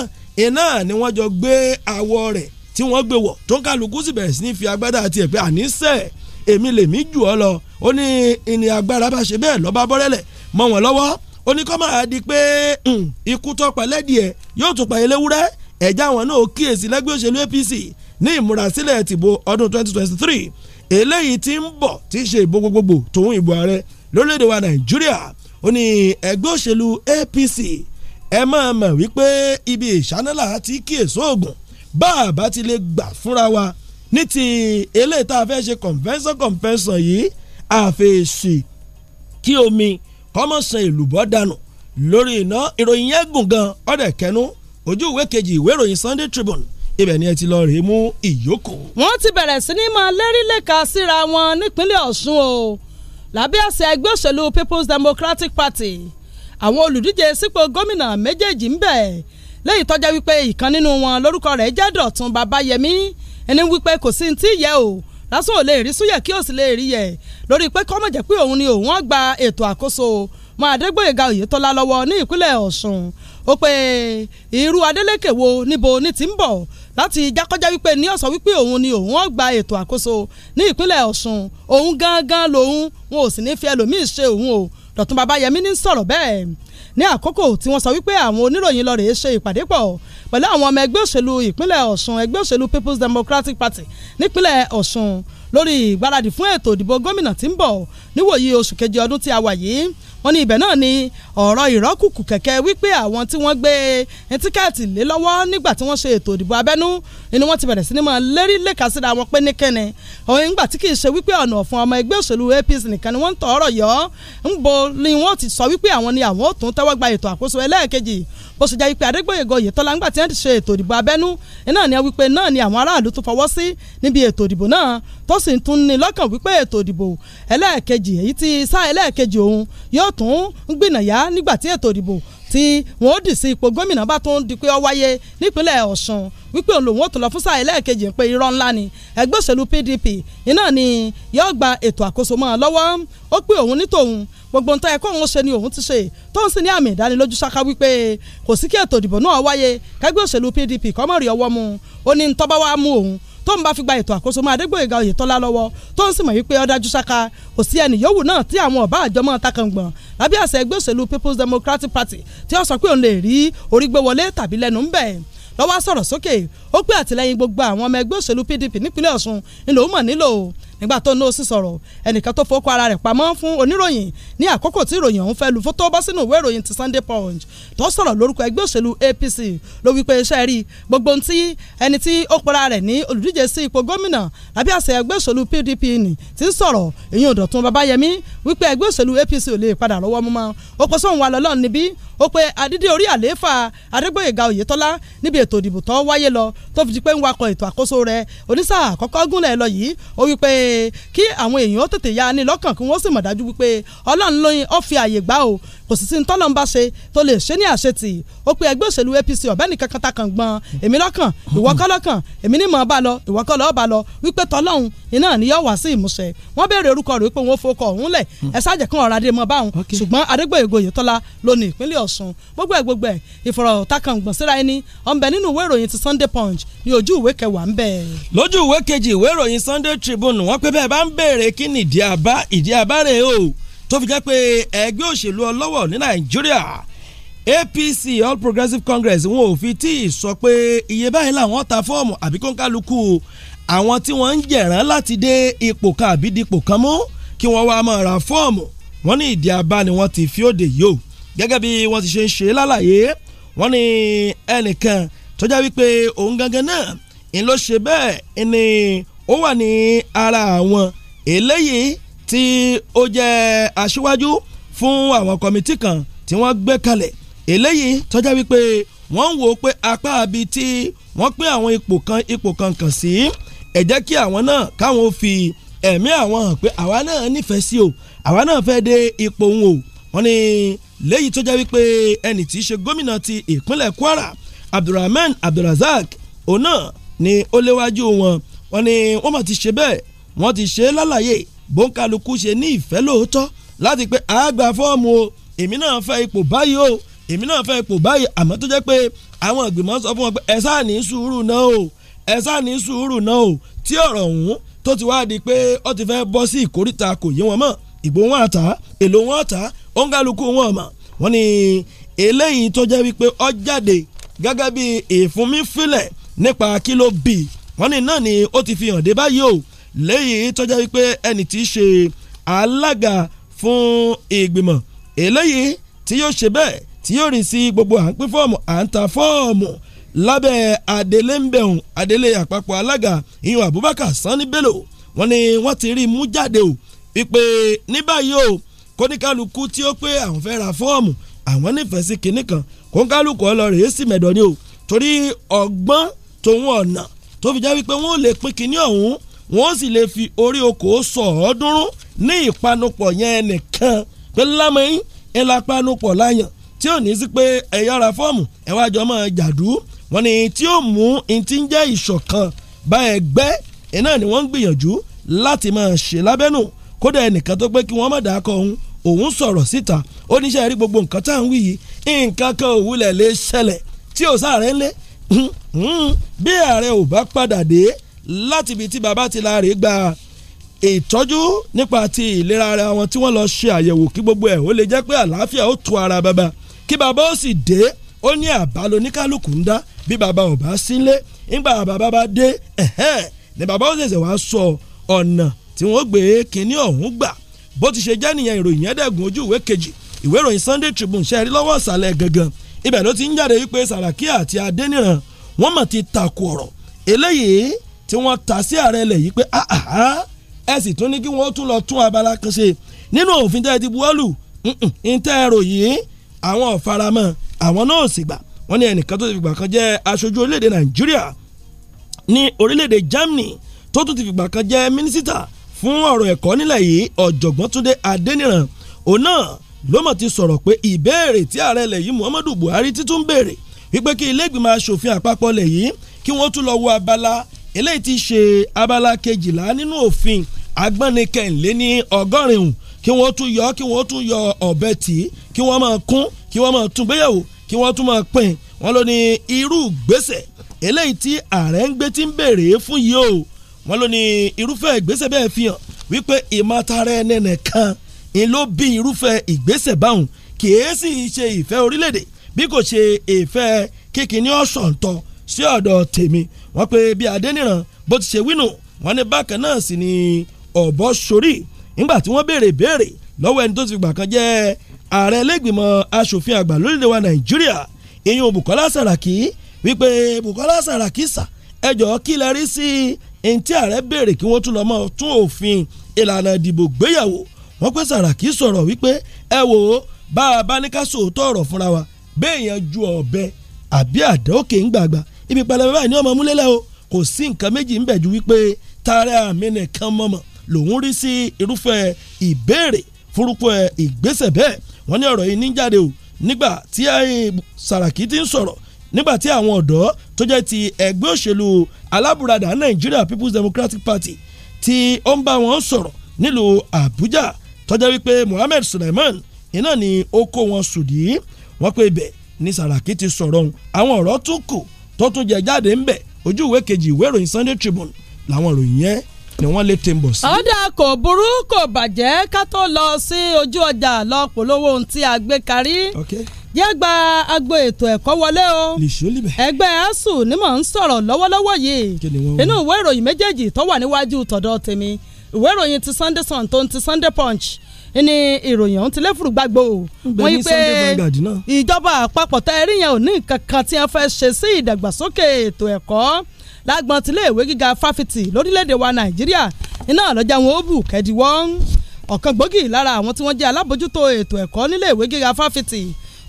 iná ni wọ́n jọ gbé àwọ̀ rẹ̀ tí wọ́n gbé wọ̀ tó ń kálukú sì bẹ̀rẹ̀ sí ní fi agbádá àti ẹ̀pẹ́ àníṣẹ́ èmi lèmi jù ọ lọ ó ní ìní agbára bá ṣe bẹ́ẹ̀ lọ́ bá bọ́rẹ́lẹ̀ mọ́ wọn lọ́wọ́ ó ní kọ́ máa di pé hmm, ikú tó pẹ̀lẹ́ díẹ̀ yóò tún pàyẹ́ léwúrẹ́ ẹ̀já àwọn náà kíyèsí lẹ́gbẹ́ òṣèlú APC ní ìmúrasílẹ̀ tìbò ọdún 2023 eléyìí tí ń bọ̀ tí í ṣe ìbò gbogbogbò tòun ìbò ààrẹ lórílẹ̀‐èdè wa Nàìjíríà ó ní ẹgbẹ́ òṣèlú APC ẹ máa mọ̀ wípé ibi ìṣánálà ti kíyèsí oògùn bá a bá ti lè gbà fúnra wa ní ti eléyìí tá a fẹ́ ṣe convention convention yìí àfẹ́sì kí omi kọ́mọ̀sán ìlú bọ́ dànù lórí iná ìròyìn yẹn gùn gan ọ̀dẹ̀ kẹnu ojú ìwé kejì ìwé ìròyìn Sunday Tribune ibẹ̀ ni ẹ ti lọ rèé mú ìyókù. wọ́n ti bẹ̀rẹ̀ sí ní máa lérílẹ̀ka síra wọn nípínlẹ̀ Ọ̀ṣun o lábẹ́ àṣẹ ẹgbẹ́ òṣèlú People's Democratic Party àwọn olùdíje sípò gómìnà méjèèjì ń bẹ̀ lẹ́yìn tọ́já wípé ìkan nínú wọn lórúkọ rẹ̀ jẹ́ Dọ̀tun Babayẹmí ẹni wípé kò sí ní yẹ o lásán ò lè rí súyẹ̀ kí ó sì lè rí yẹ̀ lórí pé kọ́mọ̀ jẹ́ pé òun ni òun á gba ètò àkóso mọ́ Adégbóyèga Oyètọ́lá lọ́wọ́ ní ìpínlẹ̀ Ọ̀ṣun ó pé irú Adeleke wo níbo ní ti ń bọ̀ láti jákọ́já wípé ní ọ̀sán wípé òun ni òun ó gba ètò àkóso ní ìpínlẹ̀ Ọ̀ṣun òun gangan lòun wọn ò sì ní fi ẹlòmíì ṣe òun o Dọ̀tun Babayẹmí ní sọ̀rọ̀ bẹ́ẹ̀ ní àkókò tí wọ́n sọ wípé àwọn oníròyìn lọ rèé ṣe ìpàdé pọ̀ pẹ̀lú àwọn ọmọ ẹgbẹ́ òṣèlú ìpínlẹ̀ Ọ̀ṣun ẹgbẹ́ òṣèlú People's Democratic Party nípínlẹ̀ Ọ̀ṣun lórí ìgbáradì fún ètò ìdìbò gómìnà tí ń bọ̀ níwòyí oṣù kejì ọdún tí a wà yìí wọ́n ní ibẹ̀ náà ni ọ̀rọ̀ ìrọ́kùkù kẹ̀kẹ́ wípé àwọn tí wọ́n gbé tíkẹ́ẹ̀tì lé lọ́wọ́ nígbà tí wọ́n ṣe ètò ìdìbò abẹ́nú ni wọ́n ti bẹ̀rẹ̀ sí ni máa lérí lẹ́ka síra wọn pé ní kẹ́ni ọ̀hún nígbà tí kìí ṣe wípé ọ̀nà ọ̀fun ọmọ ẹgbẹ́ òṣèlú APC nìkan ni wọ́n ń tọ̀ ọ̀rọ̀ yọ ń bo ni wọ́n ti sọ wípé àwọn ni àwọn ò tún tẹ́wọ́ gba ètò àkóso ẹlẹ́ẹ̀kejì bó ṣe jẹ́ wípé Adégbóyèga Oyètọ́lá ńgbà tí wọ́n ti ṣe ètò ìdìbò abẹ́nú náà ni wípé náà ni àwọn aráàlú tó fọwọ́ sí níbi ètò ìdìbò náà tó sì ń tún ní lọ́kàn wípé ètò ìdìbò ẹlẹ́ẹ̀kejì èyí tí sáà ẹlẹ́ẹ̀kejì òun yóò tún gbìnàyà nígbà tí ètò ìdìbò tí wọn ó dì sí ipò gómìnà bá tó ń di pé ó wáyé nípínlẹ̀ Ọ̀ṣun wípé òun lòun ó tó lọ fún sáà ẹlẹ́ẹ̀kejì pé irọ́ ńlá ni ẹgbẹ́ òṣèlú PDP iná ni yóò gba ètò àkóso mọ́ ọ lọ́wọ́ ó pé òun ní tòun gbogbo nǹkan ẹ̀kọ́ òun ṣe ni òun ti ṣe tóun sì ní àmì ìdánilójú ṣáká wípé kò sí kí ètò ìdìbò náà wáyé kẹgbẹ́ òṣèlú PDP kọ́mọ̀rì ọwọ́ mu ó ní tọ́ba wa mú òun tó ń bá fi gba ètò àkóso mọ́ Adégbóyèga Oyètọ́lá lọ́wọ́ tó ń sì mọ̀ wípé ó dájú ṣáká kò sí ẹnì yòówù náà tí àwọn ọ̀bá àjọmọ́ takàngbọ̀n àbí àṣẹ ẹgbẹ́ òṣèlú People's Democratic Party tí wọ́n sọ pé òun lè rí orígbé wọlé tàbí lẹ́nu ń bẹ̀ lọ́wọ́ sọ̀rọ̀ sókè ó pé àtìlẹ́yìn gbogbo àwọn ọmọ ẹgbẹ́ òṣèlú PDP nípínlẹ̀ Ọ̀ṣun ńlò nílò nígbà tó ní ó sì sọ̀rọ̀ ẹnìkan tó fowó kọ ara rẹ̀ pamọ́ fún oníròyìn ní àkókò tí ìròyìn ọ̀hún fẹ́ lu fótó bọ́ sínú ìwé ìròyìn ti Sunday Punch tó sọ̀rọ̀ lórúkọ ẹgbẹ́ òṣèlú APC ló wípé iṣẹ́ rí gbogbo tí ẹni tí ó pera rẹ̀ ní olùdíje sí ipò gómìnà lábẹ́ àṣẹ ẹgbẹ́ òṣèlú PDP ni ti ń sọ̀rọ̀ ìyẹn Ọ̀dọ̀tun Babáyẹmí wípé ẹgbẹ́ òṣèlú APC ò lè padà rọ́wọ́ mú mọ́ ó pèsè òun wà lọ́lọ́ níbí ó pe àdídé orí àlééfà Adégbóyèga Oyètọ́lá níbi ètò ìdìbò tó wáyé lọ tó fi di pé ń wakọ̀ ètò àkóso rẹ̀ onísà àkọ́kọ́ gúnlẹ̀ lọ yìí ó wípé kí àwọn èèyàn ó tètè ya ni lọ́kàn kí wọ́n sì mọ̀ dájú wípé ọlọ́run lóyin ó fi àyè gbá o kò sì sí ní tọ́lọ́ ń bá ṣe tó lè ṣe ní àṣetì ó pe ẹgbẹ́ òṣèlú APC ọ̀bẹ́ nìkan ta kàn gbọ́n èmi lọ́kàn ìwọ́kọ́ lọ́kàn èmi ní mọ̀ ọ́ bá lọ ìwọ́kọ́ lọ́ọ́ bá lọ wípé tọ́lọ́hún iná ni yóò wá sí ìmúṣẹ wọ́n béèrè orúkọ rẹ̀ wípé wọ́n fowókọ̀ ọ̀hún lẹ̀ hmm. ẹ sáàjẹ̀ kan ọ̀rọ̀ adé mọ́ báwọn ṣùgbọ́n Adégbòyègò Oyètọ́lá pé bẹ́ẹ̀ bá ń béèrè kí ni ìdí àbá ìdí àbá rè o tó fi jẹ́ pé ẹgbẹ́ òṣèlú ọlọ́wọ̀ ní Nàìjíríà APC All Progressives Congress wọn ò fi tí ì sọ pé iye báyìí làwọn ta fọ́ọ̀mù àbí kọ́ńkálukú àwọn tí wọ́n ń jẹ̀rán láti dé ipò kan àbí dipò kan mú kí wọ́n wá máa ra fọ́ọ̀mù wọ́n ní ìdí abá ni wọ́n ti fi òde yìí o gẹ́gẹ́ bí wọ́n ti ṣe ń ṣe lálàyé wọ́n ní ẹnìkan tó wípé òun gangan náà ń lọ ṣe bẹ́ẹ̀ ni ó wà ní ara àwọn eléyìí tí ó jẹ́ aṣíwájú fún àwọn kọ́mítì kan tí wọ́n gbé kalẹ̀ eléyìí tọ́já wípé wọ́n ń wò ó pé apá abi tí wọ́n pín àwọn ipò kan ipò kan kàn sí ẹ jẹ́ kí àwọn náà káwọn fi ẹ̀mí àwọn hàn pé àwa náà nífẹ̀ẹ́ sí o àwa náà fẹ́ dé ipò òun o wọ́n ní léyìí tó jẹ́ wípé ẹnì tí í ṣe gómìnà ti ìpínlẹ̀ Kwara Abdulrahman Abdulrazak òun náà ni ó léwájú wọn wọ́n ní wọ́n mọ̀ ti ṣe bẹ́ẹ̀ wọ́n ti ṣe lálàyé bóńkálukú ṣe ní ìfẹ́ lóòótọ́ láti pé àgbà fọ́ọ̀mù o èmi náà fẹ́ ipò báyìí o èmi náà fẹ́ ipò báyìí àmọ́ tó jẹ́ pé àwọn ìgbìmọ̀ sọ fún wọn pé ẹ sáà ní sùúrù náà o ẹ sáà ní sùúrù náà o tí ọ̀rọ̀ ọ̀hún tó ti wáá di pé ó ti fẹ́ bọ́ sí ìkórìtà kò yé wọn mọ́ ìbò wọn àtà èlò wọn àtà òǹkálukú wọn mọ̀ wọ́n ní eléyìí tó jẹ́ wípé ó jáde gẹ́gẹ́ bí ìfúnmífilẹ̀ nípa kí bíi wọ́n ní náà ni ó ti fi hàn dé báyìí o lẹ́yìn tọ́já wípé ẹni tí í ṣe alága fún ìgbìmọ̀ eléyìí tí yóò ṣe bẹ́ẹ̀ tí yóò rìn sí gbogbo à ń pín fọ́ọ̀mù à ń ta fọ́ọ̀mù lábẹ́ adélé ń bẹ̀hùn adélé àpapọ̀ alága ìyún Abubakar Sani Bello wọ́n ní wọ́n ti rí i mú jáde o wípé ní báyìí o kóníkálukú tí ó pé àwọn fẹ́ ra fọ́ọ̀mù àwọn nífẹ̀ẹ́ sí kinní kan kóníkálukú ọlọ́rẹ̀ mẹ́dọ̀ ni o torí ọgbọ́n tòun ọ̀nà tó fi jẹ́ wípé wọ́n ò lè pín kínní ọ̀hún wọ́n sì lè fi orí okòó sọ̀rọ̀ dúró ní ìpanupọ̀ yẹn nìkan pé lámẹ́yìn ẹ̀ la panupọ̀ láyàn tí ò ní sí pé ẹ̀ yára fọ́ọ̀mù ẹ̀ wá jọ máa jàdú wọn ni tí ó mú ti ń jẹ́ ìṣọ̀kan bá ẹgbẹ́ ẹ̀ náà ni wọ́n ń gbìyànjú láti máa ṣe lábẹ́nú kódà ẹnìkan tó pé kí wọ́n má dàá kọ òun òun sọ̀rọ̀ síta ó ní sẹ́ẹ̀rí gbogbo nǹkan tá à ń wí yìí nǹkan kan òwúlẹ̀ lè ṣẹlẹ̀ tí ò sáà rẹ̀ ń lé bí ààrẹ ò bá padà dé láti ibi tí bàbá ti la rè gba ìtọ́jú nípa ti ìlera ara wọn tí wọ́n lọ ṣe àyẹ̀wò kí gbogbo ẹ̀ ó lè jẹ́ pé àlàáfíà ó tu ara bàbá kí bàbá ó sì dé ó ní àbálò oníkálukú ń dá bí bàbá ò bá sílé ńgbà bàbá bá dé ni bàbá ó ṣẹ̀ṣẹ̀ wá sọ ọ̀nà tí wọ́n gbé kínní ọ̀hún gbà bó ti ṣe jẹ́ nìyẹn ìròyìn ẹ̀ẹ́dẹ́gùn ojú ìwé kejì ìwé ìròyìn Sunday Tribune ṣe rí lọ́wọ́ ìsàlẹ̀ gangan ibẹ̀ ló ti ń jáde wípé Sàràkí àti Adéníran wọ́n mọ̀ ti takò ọ̀rọ̀ eléyìí tí wọ́n ta sí ààrẹ ilẹ̀ yìí pé ah, ah, ah, ẹ sì tún ní kí wọ́n tún lọ tún abala kan ṣe nínú òfin tẹ́ ẹ ti buwọ́lù ń tẹ́ ẹ ròyìn àwọn ọ̀faramọ́ àwọn náà sì gbà wọ́n ní ẹnìkan tó ti fìgbà kan jẹ́ aṣojú orílẹ̀-èdè Nàìjíríà ní orílẹ̀-èdè Germany tó tún ti fìgbà kan jẹ́ mínísítà fún ọ̀rọ̀ ẹ̀kọ́ nílẹ̀ yìí ọ̀jọ̀gbọ́n Túndé Adéníran òun náà lọ́mọ̀ ti sọ̀rọ̀ pé ìbéèrè tí ààrẹ ilẹ̀ yìí Muhammadu Buhari ti tún béèrè wípé kí ilé asòfin àpapọ̀ ilẹ̀ yìí kí wọ́n tún lọ wo abala eléyìí ti ṣe abala kejìlá nínú òfin agbọ́nikẹ́ńlé ní ọgọ́rin kí wọ́n tún yọ kí wọ́n tún yọ ọ̀bẹ tì í kí wọ́n máa kún kí wọ́n máa tún gbéyàwó kí wọ́n tún máa pín wọ́n ló ní irú ìgbésẹ̀ eléyìí tí ààrẹ ń gbé tí ń béèrè fún yìí o wọ́n ló ní irúfẹ́ ìgbésẹ̀ bẹ́ẹ̀ fi wípé ìmọ̀tara ẹni nìkan ń ló bí irúfẹ́ ìgbésẹ̀ báwọn kìí sì ṣe ìfẹ́ orílẹ̀-èdè bí kò ṣe ìfẹ́ kíkiní ọ̀ṣọ̀ǹtọ̀ sí ọ̀dọ̀ tèmi wọ́n pe bí Adéníran bó ti ṣe wínú wọ́n ní bákan náà sì ni ọ̀bọ sórí nígbà tí wọ́n béèrè béèrè lọ́wọ́ ẹni tó ti gbà kan jẹ́ ààrẹ lẹ́gbìmọ̀ asòfin àgbà lórílẹ̀ wa Nàìjíríà ìyún Bukola Saraki wípé Bukola Saraki sà ẹjọ́ kí lẹ rí sí ẹni tí ààrẹ béèrè kí wọ́n tún lọ́mọ tún òfin ìlànà ìdìbò gbéyàwó wọ́n pẹ́ Sàràkí sọ̀rọ̀ wípé ẹ wò ó bá a bá ní ká sòótọ́ ọ̀rọ̀ fúnra wa béèyàn ju ọ̀bẹ àbí àdá òkè ń gbàgbà ibi pẹlẹbẹ báyìí ní ọmọ múlẹ́lẹ̀ o kò sí nǹkan méjì ń bẹ̀ ju wípé tààrẹ àmì nìkan mọ̀mọ̀ lòun rí sí irúfẹ́ ìbéèrè forúkọ ìgbésẹ̀ bẹ́ẹ̀ wọ́n ní ọ̀rọ̀ yìí ní jáde o nígbà tí Sàràkí ti ń sọ̀rọ̀ nígbà tí àwọn ọ̀dọ́ tó jẹ́ ti ẹgbẹ́ òṣèlú alábùradà Nigeria People's Democratic Party tí ó ń bá wọn sọ̀rọ̀ nílùú Àbújá tọ́jẹ́ wípé Mohammed Suleiman iná ni ó kó wọn sùdí wọ́n pé ibẹ̀ ni Saraki ti sọ̀rọ̀ òun àwọn ọ̀rọ̀ tún kù tó tún jẹ jáde ńbẹ̀ ojú ìwé kejì ìwé ìròyìn Sunday Tribune làwọn ìròyìn yẹn ni wọ́n lè tẹ̀ sí. ọ̀dà kò burú kò bàjẹ́ ká tó lọ sí ojú ọjà lọ polówó ohun tí a gbé karí. Okay gba agbo ètò ẹ̀kọ́ wọlé o ẹgbẹ́ asu ni mò ń sọ̀rọ̀ lọ́wọ́lọ́wọ́ yìí inú ìwé ìròyìn méjèèjì tó wà níwájú tọ̀dọ̀ tèmi ìwé ìròyìn ti Sunday Sun tó ń ti Sunday Punch ní ìròyìn ọ̀hún ti lẹ́fùrú gbàgbó wọ́n yí pé ìjọba àpapọ̀ tá ẹ̀rí yẹn ò ní nǹkan kan tí wọ́n fẹ́ ṣe sí ìdàgbàsókè ètò ẹ̀kọ́ lágbọn tilé ìwé gíga fáfitì lórílẹ̀‐èdè wa Nàìjíríà iná àlọ́jà wọn ó bù kẹ́díwọ́ ọ̀kan gbòógì lára àwọn tí wọ́n jẹ́ alábòjútó ètò ẹ̀kọ́ nílé ìwé gíga fáfitì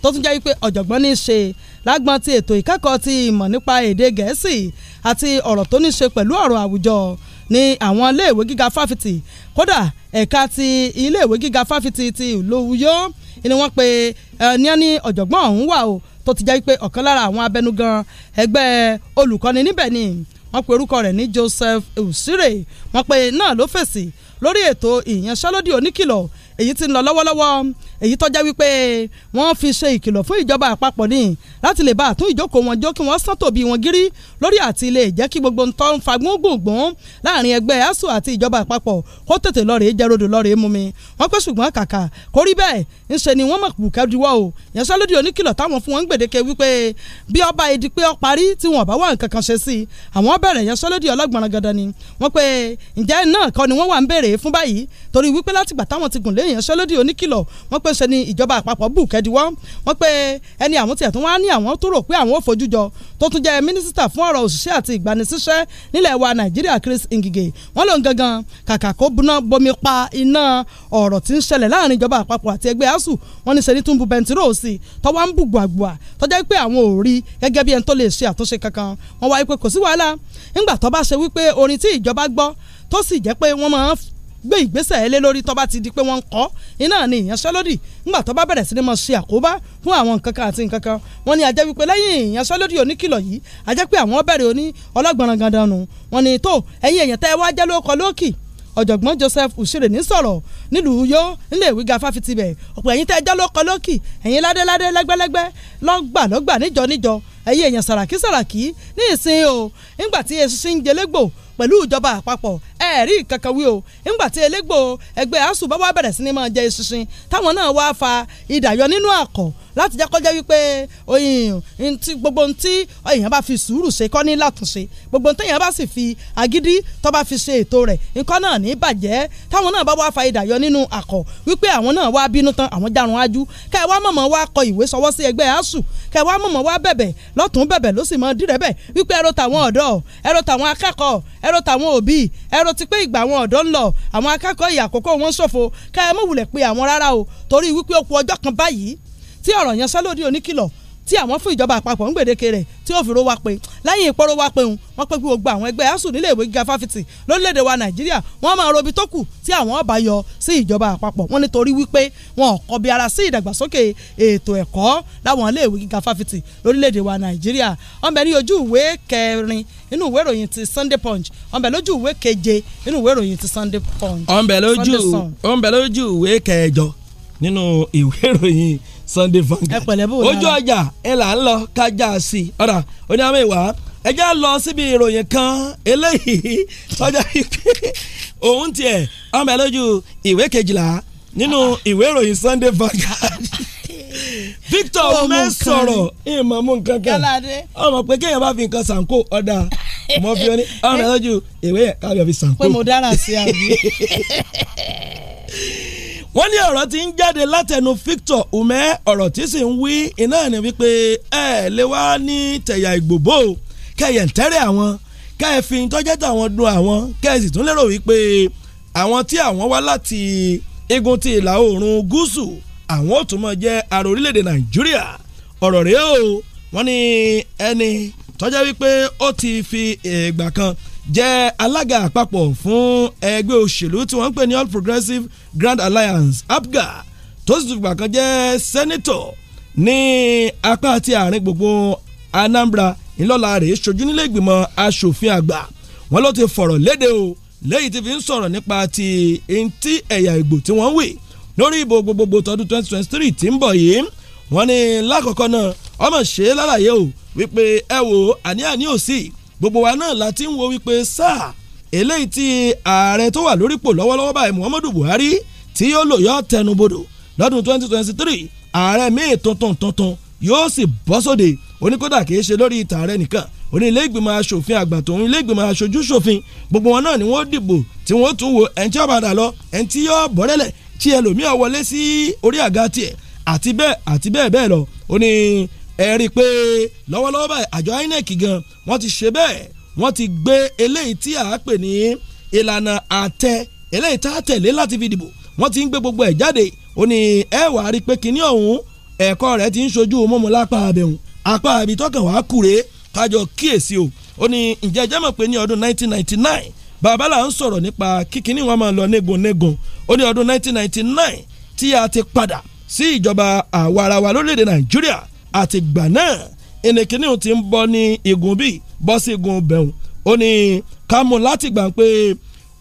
tó tún jẹ́ wípé ọ̀jọ̀gbọ́n ní í ṣe lágbọn ti ètò ìkẹ́kọ̀ọ́ ti ìmọ̀ nípa èdè Gẹ̀ẹ́sì àti ọ̀rọ̀ tó ní í ṣe pẹ̀lú ọ̀rọ̀ àwùjọ ní àwọn iléèwé gíga fáfitì kódà ẹ̀ka ti iléèwé gíga fáfitì ti ìlú ni wọ́n pe ní ẹni ọ̀jọ̀gbọ́n ọ̀hún wà o tó ti jẹ́ pé ọ̀kan lára àwọn abẹnugan ẹgbẹ́ olùkọ́ni níbẹ̀ ni wọ́n pe orúkọ rẹ̀ ní Joseph Usire wọ́n pe náà ló fèsì lórí ètò ìyanṣẹ́lódì oníkìlọ̀ èyí tí ń lọ lọ́wọ́lọ́wọ́ èyí tọ́já wípé wọ́n fi ṣe ìkìlọ̀ fún ìjọba àpapọ̀ ní láti lè bá àtún ìjókòó wọn jó kí wọ́n sọ́tò bí wọn gírí lórí àti lè jẹ́ kí gbogbo nǹkan ń fa gbóngbòngbòn láàrin ẹgbẹ́ ASUU àti ìjọba àpapọ̀ kó tètè lọ́ọ̀rẹ́ jẹ́ rodò lọ́ọ̀rẹ́ mú mi wọ́n pẹ́ ṣùgbọ́n kàkà kó rí bẹ́ẹ̀ ńṣe ni wọ́n mọ̀ bùkẹ́ diwọ́ o Ìyanṣẹ́lódì oníkìlọ̀ táwọn fún wọn gbèdéke wípé bí ọba edi pé ó parí tí wọn bá wà nǹkan ṣe sí àwọn bẹ̀rẹ̀ Ìyanṣẹ́lódì ọlọ́gbọ̀n gandan ni wọ́n pe ǹjẹ́ náà kọ́ ni wọ́n wà ń béèrè fún báyìí torí wípé látìgbà táwọn ti gùn lé ṣe ni ìjọba àpapọ̀ bù kẹ́díwọ́ wọ́n pé ẹni àwọn tiẹ̀ tó wá ní àwọn tó rò pé àwọn ò fojú jọ tó tún jẹ́ mínísítà fún ọ̀rọ̀ òṣìṣẹ́ àti ìgbanisíṣẹ́ nílẹ̀ wa nàìjíríà Chris Ngige wọ́n lòun gangan kàkà kó buná bomi pa iná ọ̀rọ̀ tí ń ṣẹlẹ̀ láàrin ìjọba àpapọ̀ àti ẹgbẹ́ asuu wọ́n ní ṣe ní túnbù bẹntiró sí tọ́wọ́ ń bù gbàgbà tọ́jà pé gbé ìgbésẹ̀ ẹ lé lórí tó bá ti di pé wọ́n ń kọ́ iná ni ìyanṣẹ́lódì ńgbà tó bá bẹ̀rẹ̀ sí ni mo ṣe àkóbá fún àwọn nǹkan kan àti nǹkan kan wọ́n ní ajẹ́ wípé lẹ́yìn ìyanṣẹ́lódì oníkìlọ̀ yìí ajẹ́ pé àwọn bẹ̀rẹ̀ oní ọlọ́gbọ̀nràn gandan nù wọ́n ní tó ẹ̀yin èèyàn tẹ́ ẹ wá jẹ́ lóko lókì ọ̀jọ̀gbọ́n Joseph Usire ní sọ̀rọ̀ nílùú yó nílé ìwé ga fáfitì bẹ̀ ọ̀pọ̀ ẹ̀yin tẹ́ ẹjọ́ ló kọ lókì ẹ̀yin ládéládé lẹ́gbẹ́lẹ́gbẹ́ lọ́gbà lọ́gbà níjọ níjọ ẹ̀yin èèyàn sàràkí sàràkí ní ìsìn o nígbà tí eṣinṣin ń jelégbò pẹ̀lú ìjọba àpapọ̀ ẹ̀ rí kankan wí o nígbà tí elégbò ẹgbẹ́ asuu bá wá bẹ̀rẹ̀ sí ni máa jẹ ìṣinṣin táwọn náà wá fa ìdàyọ nínú àkọ́ láti jẹ́ wípé gbogbo ntí èèyàn bá fi sùúrù ṣe kọ́ ní látúnṣe gbogbo ntí èèyàn bá sì fi agídí tó bá fi ṣe ètò rẹ̀ nǹkan náà ní bàjẹ́ táwọn náà bá wá fa ìdàyọ nínú àkọ́ wípé àwọn náà wá bínú tán àwọn jarun ajú kẹ́ wá mọ̀mọ́ wá kọ ìwé sọwọ́ sí ẹgbẹ́ asuu kẹ́ wá mọ̀mọ́ wá bẹ̀bẹ̀ lọ́tún bẹ̀bẹ̀ ló sì mọ dírẹ́bẹ̀ wípé ẹ ẹ̀rọ tàwọn òbí ẹ̀rọ ti pé ìgbà àwọn ọ̀dọ́ ń lọ àwọn akẹ́kọ̀ọ́ ìyà àkókò wọn ṣòfò ká ẹ mọ̀ wulẹ̀ pé àwọn rárá o torí wípé ó ku ọjọ́ kan báyìí tí ọ̀rọ̀ yẹn sálódì oníkìlọ̀ tí àwọn fún ìjọba àpapọ̀ ń gbèdéke rẹ̀ tí ó fi ro wa pé lẹ́yìn ìpọ́nrọ́ wa pé òun wọ́n pẹ́ gbogbo àwọn ẹgbẹ́ asùn nílé ìwé gíga fáfitì lórílẹ̀‐èdè wa nàìjíríà wọ́n máa robi tó kù tí àwọn ọba yọ sí ìjọba àpapọ̀ wọ́n nítorí wípé wọn ò kọbi ara sí ìdàgbàsókè ètò ẹ̀kọ́ láwọn ilé ìwé gíga fáfitì lórílẹ̀‐èdè wa nàìjíríà ọmọ ẹni ojú ìwé kẹrin inú ìwé ìròyìn ti Sunday Punch ọmọbẹ lójú ìwé keje inú ìwé ìròyìn ti Sunday Punch. ọmọbẹ lójú ọmọbẹ lójú ìwé kẹjọ nínú ìwé ìròyìn Sunday Vanguard ojú ọjà ẹ là ń lọ kájà sí i ọ̀rà oníyàmọ̀ ìwà ẹ já lọ síbi ìròyìn kan eléyìí ọjà ìpè òun tiẹ̀ ọmọ ẹ lójú ìwé kejìlá nínú ìwé ìròyìn Sunday Vanguard Victor omi sọ̀rọ̀ ìmọ̀ mú nǹkan kan ọmọ pé kéèyàn bá fi nǹkan sànkó ọ̀dà mọ fi ọ ní ọmọ ẹ lójú ìwé yẹn káàbíọ̀ fi sànkó. pé mo dára sí àbí wọ́n ní ọ̀rọ̀ tí ń jáde látẹnu Victor Ume ọ̀rọ̀ tí sì ń wí iná ni wípé ẹ lè wá ní tẹ̀yà ìgbòbó kẹyẹ̀ ń tẹ́rẹ̀ àwọn kẹ́ẹ̀ fi tọ́jẹ́ tàwọn dun àwọn kẹ́ẹ̀ sì tún lérò wípé àwọn tí àwọn wá láti igun ti ìlà oòrùn gúúsù àwọn ò tún mọ̀ jẹ́ ará orílẹ̀-èdè Nàìjíríà ọ̀rọ̀ rèé o wọ́n ní ẹni tọ́jẹ́ wípé ó ti fi ìgbà kan jẹ́ alága àpapọ̀ fún ẹgbẹ́ òṣèlú tí wọ́n ń pè ní All Progressives Grand Alliance APGA tó sì tùgbà kan jẹ́ sẹ́nítọ̀ ní apá àti àárín gbogbo Anambra ńlọ́la rẹ̀ ṣojú nílé ìgbìmọ̀ asòfin àgbà wọn ló ti fọ̀rọ̀ léde o lẹ́yìn tí fi ń sọ̀rọ̀ nípa ti ntí ẹ̀yà Ìgbò tí wọ́n ń wè lórí ìbò gbogbogbò tọdún 2023 tí ń bọ̀ yìí wọ́n ní lákọ̀ọ́kọ́ náà ọmọ ṣe é lálàyé o wípé ẹ wò àní àní ò sí i gbogbo wa náà la ti ń wo wípé sáà eléyìí tí ààrẹ tó wà lórípò lọ́wọ́lọ́wọ́ báyìí Muhammadu Buhari tí yóò lò yọ tẹnubodò lọ́dún 2023 ààrẹ míì tuntun tuntun yóò sì bọ́ sóde oníkódà kìí ṣe lórí ìtàn ààrẹ nìkan oní ilé ìgbìmọ̀ asòfin àgbà tòun ilé ìgbìmọ̀ aṣojú ṣòfin gbogbo wọn náà ni wọ́n dìbò tí wọ́n tún wo ẹ̀ńtí ọ̀bàdà lọ ẹ̀ńtí yóò bọ́rẹ́lẹ̀ tí ẹlòmíì ó wọlé sí orí àga tiẹ̀ àti bẹ́ẹ̀ àti bẹ́ẹ̀ bẹ́ẹ̀ lọ ó ẹ rí i pé lọ́wọ́lọ́wọ́ báyìí àjọ INEC gan wọ́n ti ṣe bẹ́ẹ̀ wọ́n ti gbé eléyìí tí a pè ní ìlànà àtẹ eléyìí tá a tẹ̀lé láti fi dìbò wọ́n ti ń gbé gbogbo ẹ̀ jáde ó ní ẹ wàá rí i pé kinní ọ̀hún ẹ̀kọ́ rẹ̀ ti ń ṣojú mọ́mọ́ lápá abẹ́hùn apá àbí tọkàn wàá kúre kájọ kíyèsí o ó ní ǹjẹ́ jẹ́ pé ní ọdún 1999 bàbá là ń sọ̀rọ̀ nípa kíkiní wọn máa lọ négunnégun ó ní ọdún 1999 tí a ti padà sí ìjọba àwarawa lórílẹ̀‐èdè Nàìjíríà àtìgbà náà ìnìkíní ti ń bọ́ ní igun bíi bọ́ sí igun bẹ̀rùn ó ní kámú láti gbà pé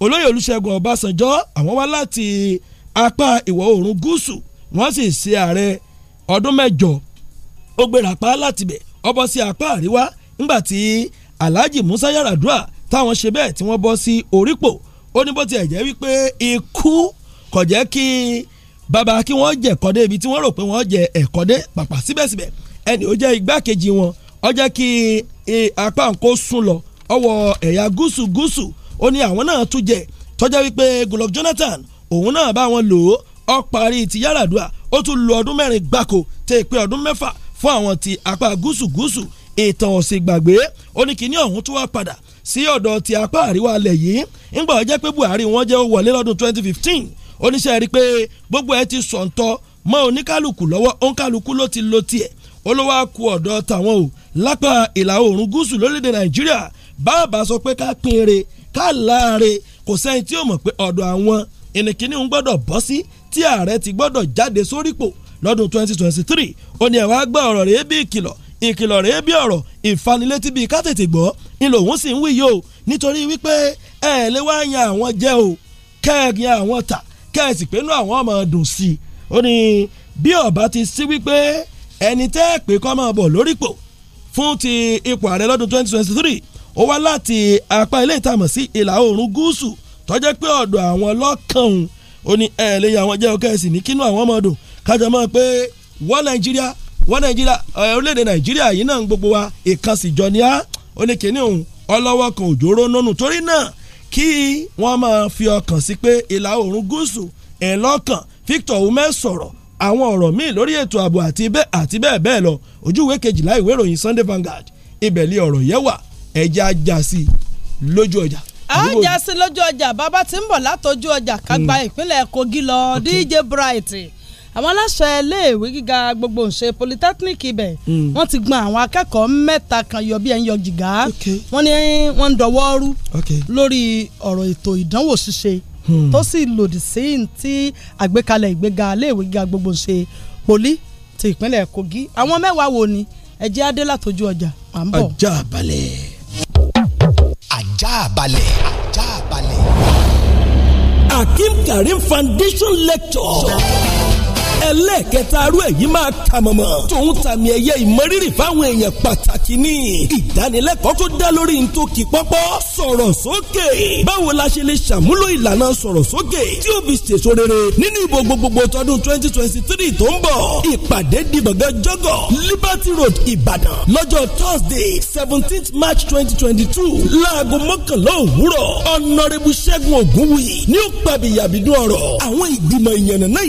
olóyè olúṣẹ́gun ọbásanjọ́ àwọn wá láti apá ìwọ̀ oòrùn gúúsù wọ́n sì ṣe ààrẹ ọdún mẹ́jọ ó gbéra pa láti bẹ̀ ọbọ̀ sí apá àríwá nígbà tí alhaji musa yaradua táwọn ṣe bẹ́ẹ̀ tí wọ́n bọ́ sí orípò ó ní bó ti ẹ̀ jẹ́ wípé ikú kò jẹ́ kí bàbá kí wọ́n jẹ ẹ̀kọ́dé ibi tí wọ́n rò pé wọ́n jẹ ẹ̀kọ́dé pàpà síbẹ̀síbẹ̀ ẹni ó jẹ́ igbákejì wọn ó jẹ́ kí e, apá nǹkó sún lọ ọwọ́ ẹ̀yà gúúsù gúúsù ó ní àwọn náà tún jẹ tọ́jà wípé Goodluck Jonathan òun náà bá wọn lò ó ó parí ti Yar'Adua ó tún lo ọdún mẹ́rin gbáko tẹ ìpè ọdún mẹ́fà fún àwọn ti apá gúúsù gúúsù ìtàn ọ̀sìn gbàgbé ó ní kíní ọ̀hún tún wá padà sí ọ̀dọ̀ ti apá àríwá alẹ̀ yìí ńgbà ó jẹ́ pé Buhari wọ́n jẹ́ wọlé lọ́dún 2015 oníṣẹ́ rí pé gbogbo ẹ ti sọ̀ǹtọ́ mọ́ oníkálukú lọ́wọ́ oníkálukú ló ti lo tiẹ̀ olówó akú ọ̀dọ́ tàwọn o lápá ìlà oòrùn gúúsù lórílẹ̀‐èdè nàìjíríà báàbà sọ pé ká pinre ká láre kò sẹ́yìn tí ó mọ̀ pé ọ̀dọ̀ àwọn ìnìkíní ń gbọ́dọ̀ bọ́ sí tí ààrẹ ti gbọ́dọ̀ jáde sórípò lọ́dún 2023 ó ẹ̀wá gbọ́ ọ̀rọ̀ rẹ̀ bí ìkìlọ̀ ìkìlọ̀ rẹ̀ bí ọ̀rọ̀ ìfanilétí bíi ká gbọ́ ń lòun sì ń wí yìí o nítorí wípé ẹ̀ẹ́lẹ́wà yan àwọn jẹ́ o kẹ́ẹ̀ yan àwọn ta kẹ́sì pé inú àwọn ọmọ dùn sí i ó ní bí ọba ti sí wípé ẹni tẹ́ ẹ̀ pé kọ́ máa bọ̀ lórípò fún ti ipò ààrẹ lọ́dún 2023 ó wá láti apá ilé ìtàmọ̀ sí ìlà oòrùn gúúsù tó jẹ́ pé ọ̀dọ̀ àwọn lọ́kàn ó ní ẹ̀ lè yà wọ́n jẹ́ ọkẹ́sì ní kínú àwọn ọmọ dùn kájọ mọ́ pé wọ́n nàìjíríà wọ́n nàìjíríà orílẹ̀-èdè nàìjíríà yìí náà gbogbo wa ìkànsìjọ ni á ó ní kíní òun ọlọ́wọ́ kan òjòrò nínú torí náà kí wọ́n máa fi ọkàn sí pé ìlà oòrùn gúúsù ẹ̀lọ́kàn Victor Ume sọ̀rọ̀ àwọn ọ̀rọ̀ míì lórí ètò ààbò àti bẹ́ẹ̀ bẹ́ẹ̀ lọ ojú kejìlá ìwé ìròyìn Sunday Vanguard ibẹ̀ lé ọ̀rọ̀ yẹn wà ẹja ajá sí lójú ọjà ajá sí lójú ọjà bàbá tí ń bọ̀ látọjú ọjà kágbá hmm. ìpínlẹ̀ Kogi lọ DJ Bright àwọn aláṣẹ iléèwé gíga gbogbo ǹṣe polytechnic ibẹ̀ hmm. wọ́n ti gbọ́n àwọn akẹ́kọ̀ọ́ mẹ́ta kan yọ bí ẹni yọ jìgá wọ́n ní wọ́n ń dọwọ́ rú lórí ọ̀rọ̀ ètò ìdánwò ṣíṣe hmm. tó sì lòdì sí ti àgbékalẹ̀ ìgbéga iléèwé gíga gbogbo ǹṣe poli ti ìpínlẹ̀ Kogi àwọn mẹ́wàá wo ni ẹ̀jẹ̀ adé látọjú ọjà à ń bọ̀. ajá balẹ̀. ajá balẹ̀. ajá balẹ̀. Akim Karim Foundation lecture ẹlẹ́ẹ̀kẹta arú èyí máa kà mọ̀mọ́ tòun tàmì ẹ̀yẹ ìmọ̀rírì fáwọn èèyàn pàtàkì ní ìdánilẹ́kọ̀ọ́ tó dá lórí ntòkì pọ́pọ́ sọ̀rọ̀ sókè báwo la ṣe lè ṣàmúlò ìlànà sọ̀rọ̀ sókè tí ó fi ṣèso rere nínú ìbò gbogbogbò tọdún twenty twenty three tó ń bọ̀ ìpàdé di gbọ̀ngàn jọ́gọ̀ Liberty Road Ìbàdàn lọ́jọ́ Thursday seventeenth March twenty twenty two láago mọ́kànlá òwúrọ̀ ọ̀nàrẹ́bù Ṣẹ́gun Ògúnwùyí ní ó pàbíyàbídún ọ̀rọ̀ àwọn ìgbìmọ̀ ìyànnà náà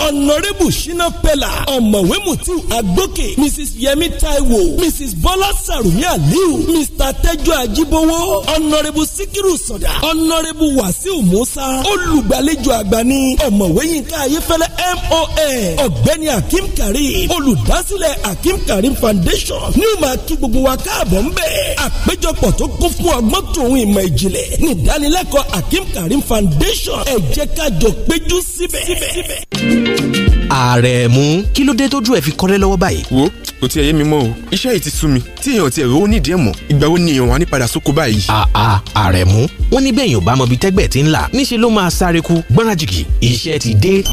olórin shina pella ọ̀mọ̀wé mutiu agbókè mrs yemi taiwo mrs bọ́lá sàrùmí aliu mr tẹ́jọ́ Ajibowo, honourable sikiru sọ̀dà honourable wasiu musa olùgbàlejò àgbà ní ọ̀mọ̀wé yínká ayéfẹ́lẹ́ mon ọ̀gbẹ́ni akim karim olùdásílẹ̀ akim karim foundation ní o máa kí gbogbo wa káàbọ̀ ń bẹ̀ àpéjọpọ̀ tó kún fún ọgbọ́n tòun ìmọ̀ ìjìnlẹ̀ ní ìdánilẹ́kọ̀ọ́ akim karim foundation ẹ jẹ́ ká jọ péjú síbẹ̀. Thank you. Àrẹ̀mú kí ló dé tójú ẹ̀ fi kọ́rẹ́ lọ́wọ́ báyìí. wo kò tiẹ̀ yé mi mọ́ o iṣẹ́ yìí ti sú mi tí èèyàn tiẹ̀ rówó nídìí ẹ̀ mọ̀ ìgbà wo ni èèyàn wà ní padà sóko báyìí. àà Àrẹ̀mú wọn ní bẹ́ẹ̀ yóò bá mọ ibi tẹ́gbẹ̀ẹ́ ti ń là níṣẹ́ ló máa sáré ku gbọ́nrajìkì iṣẹ́ ti dé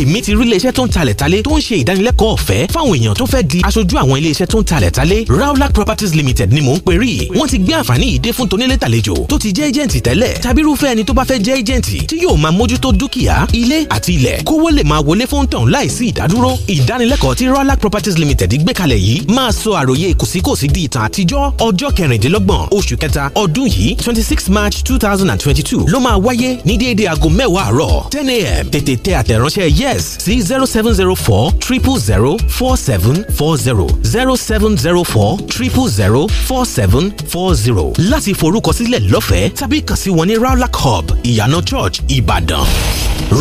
èmi ti rí iléeṣẹ́ tó ń talẹ̀ talé tó ń ṣe ìdánilẹ́kọ̀ọ́ ọ̀fẹ́ fáwọn èèyàn tó fẹ́ di aṣojú àwọn iléeṣẹ́ tó ń talẹ̀ talé Raulac Properties Limited ni mò ń perí wọ́n ti gbé àǹfààní yìí dé fún tonílé tàlejò tó ti jẹ́ ẹ́jẹ̀ǹtì tẹ́lẹ̀ tàbí irúfẹ́ ẹni tó bá fẹ́ jẹ́ ẹ́jẹ̀ǹtì tí yóò máa mójútó dúkìá ilé àti ilẹ̀ láìsí ìdádúró ìdánilẹ́kọ̀ọ́ tí Rawlac Properties Limited gbé kalẹ̀ yìí máa sọ àròyé kòsíkòsí di ìtàn àtijọ́ ọjọ́ kẹrìndínlọ́gbọ̀n oṣù kẹta ọdún yìí twenty six march two thousand and twenty two ló máa wáyé ní déédé aago mẹ́wàá àárọ̀ ten a.m. tètè tẹ àtẹ̀ránṣẹ́ yes sí zero seven zero four triple zero four seven four zero zero seven zero four triple zero four seven four zero láti forúkọsílẹ̀ lọ́fẹ̀ẹ́ tàbí kàn sí wọn ní Rawlac hub ìyànà church Ìbàdàn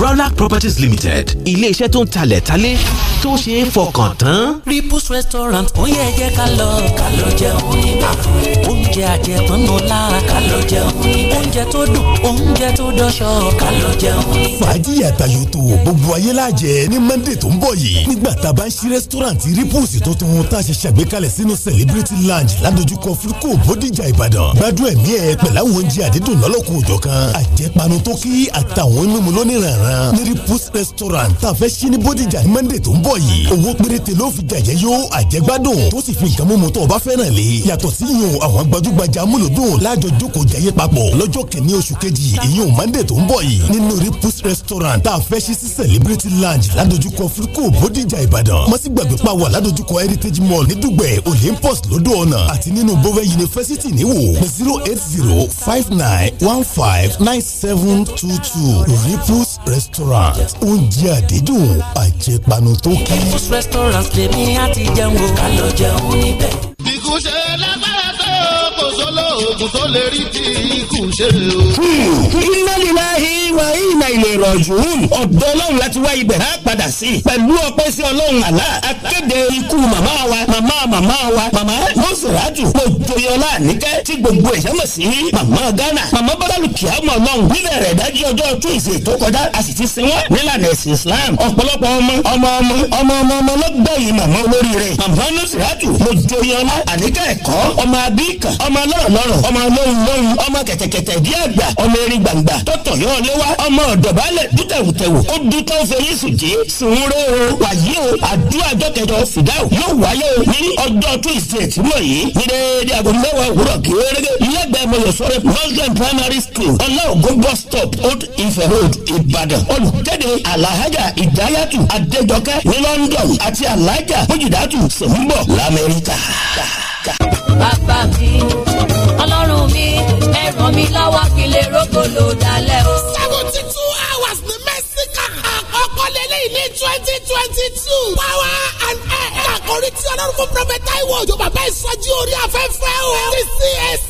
Rawlac Properties Limited ilé iṣẹ́ tó ń talẹ̀ ilẹ̀ tálé tó ṣe é fọkàn tán. Ripus restaurant ó yẹ jẹ́ ká lọ. ká lọ jẹun nígbà fún mi. oúnjẹ àjẹpọ́nú lára. ká lọ jẹun nígbà. oúnjẹ tó dùn oúnjẹ tó dọ́ṣọ́. ká lọ jẹun nígbà. fàájì àtàyò tó gbogbo ayé lájẹ ní Monday tó ń bọ̀ yìí. nígbà tá a bá ń ṣí restaurant Ripus tuntun tá a ṣe ṣàgbékalẹ̀ sínú celebrity lounge ládojúkọ fúlùkù bódìjà ìbàdàn. gbádùn ẹ̀mí ẹ̀ pẹ̀láwọn oúnjẹ àdídùn lọ́lọ́kùn òjọ̀kan àjẹpanu Ripus restaurant tá a fẹ́ jìjà ní monday tó ń bọ̀ yìí owó péréte ló fi jàjẹ́ yó àjẹgbádùn tó sì fi nǹkan mímu tó o bá fẹ́ràn lé yàtọ̀ sí yìnyín àwọn gbajúgbajà amúlòdùn láàjọ jókòó jẹ́yé papọ̀ lọ́jọ́ kìíní oṣù kejì ìyún monday tó ń bọ̀ yìí nínú ripus restaurant tá a fẹ́ ṣí sí celebrity lounge ládojúkọ fúlùkù bódìjà ìbàdàn mọ́sí gbàgbé pa wà ládojúkọ heritage mall ní dùgbẹ̀ olympus lódò ọ̀nà àti nínú bovẹ́ university níwò ní zero eight zero five nine one five nine seven two two ripus restaurant oúnjẹ àdídùn àjẹpanu tó kí. breakfast restaurant lèmi àti jẹun o. ká lọ jẹun níbẹ̀. ìkúṣe lágbára kò sólò oògùn tó lè rí tí ikú ṣe o. iná lílá ìwà ìnà ilé ìrọ̀jùn ọ̀dọ̀ ọlọ́run láti wá ibẹ̀ á padà sí i pẹ̀lú ọpẹ́ sí ọlọ́run àlá akéde ikú màmá wa màmá màmá wa màmá mọ́sàràjù mo joyè ọlá àníkẹ́ tí gbogbo ẹ̀ṣẹ́ mọ̀ sí màmá Ghana màmá bọ́lálù kìámù ọlọ́run nílẹ̀ rẹ̀ dájú ọjọ́ tuesday tó kọjá a sì ti sin wọn nílànà ẹ̀sìn Islam ọ̀pọ̀lọpọ̀ ọmọ ọmọ ọmọ ọmọ ọmọ ọmọ ọlọ́gbẹ̀yìn màmá olóríire màmá mọ́sàràjù mo joyè ọlá àníkẹ́ ẹ̀kọ́ ọmọ abíkà ọmọ lọ́rọ̀ ọmọ lóhùn ọmọ kẹ̀tẹ̀kẹ̀tẹ̀ díẹ̀ gbà ọmọ erin gbàngbà tọ́tọ̀ yọ léwá ọmọ ọ̀dọ̀bálẹ̀ dútẹ̀wùtẹ̀wù ó dútọ́ fèrè sùjé sùnwúrẹ́ o wàyí o àdúrà jọ́kẹjọ fìdáwò yóò wáyé o ní ọjọ́ tuesday tí mọ̀ yìí ní déédé aago mẹ́wàá òwúrọ̀ kéréje lẹ́gbẹ̀ẹ́ mọ̀yọ̀sọ́rẹ́ london primary school ọláògùn bus stop old ife road ìbàdàn olùkéde alahaja ìdáyàtú adéjọkẹ́ ní london àti alahaja mójúdàtú sèmúbọ̀ lamẹ́ríkà bàbá mi ọlọ́run mi ẹ ràn mí lọ́wọ́ kí n lè rógò lò o. seventy two ní twenty twenty two power and air. àkòrí tí ọlọ́run fún pírọfẹ̀tà ìwọ òjò bàbá ìsọjí orí afẹ́fẹ́ o. ti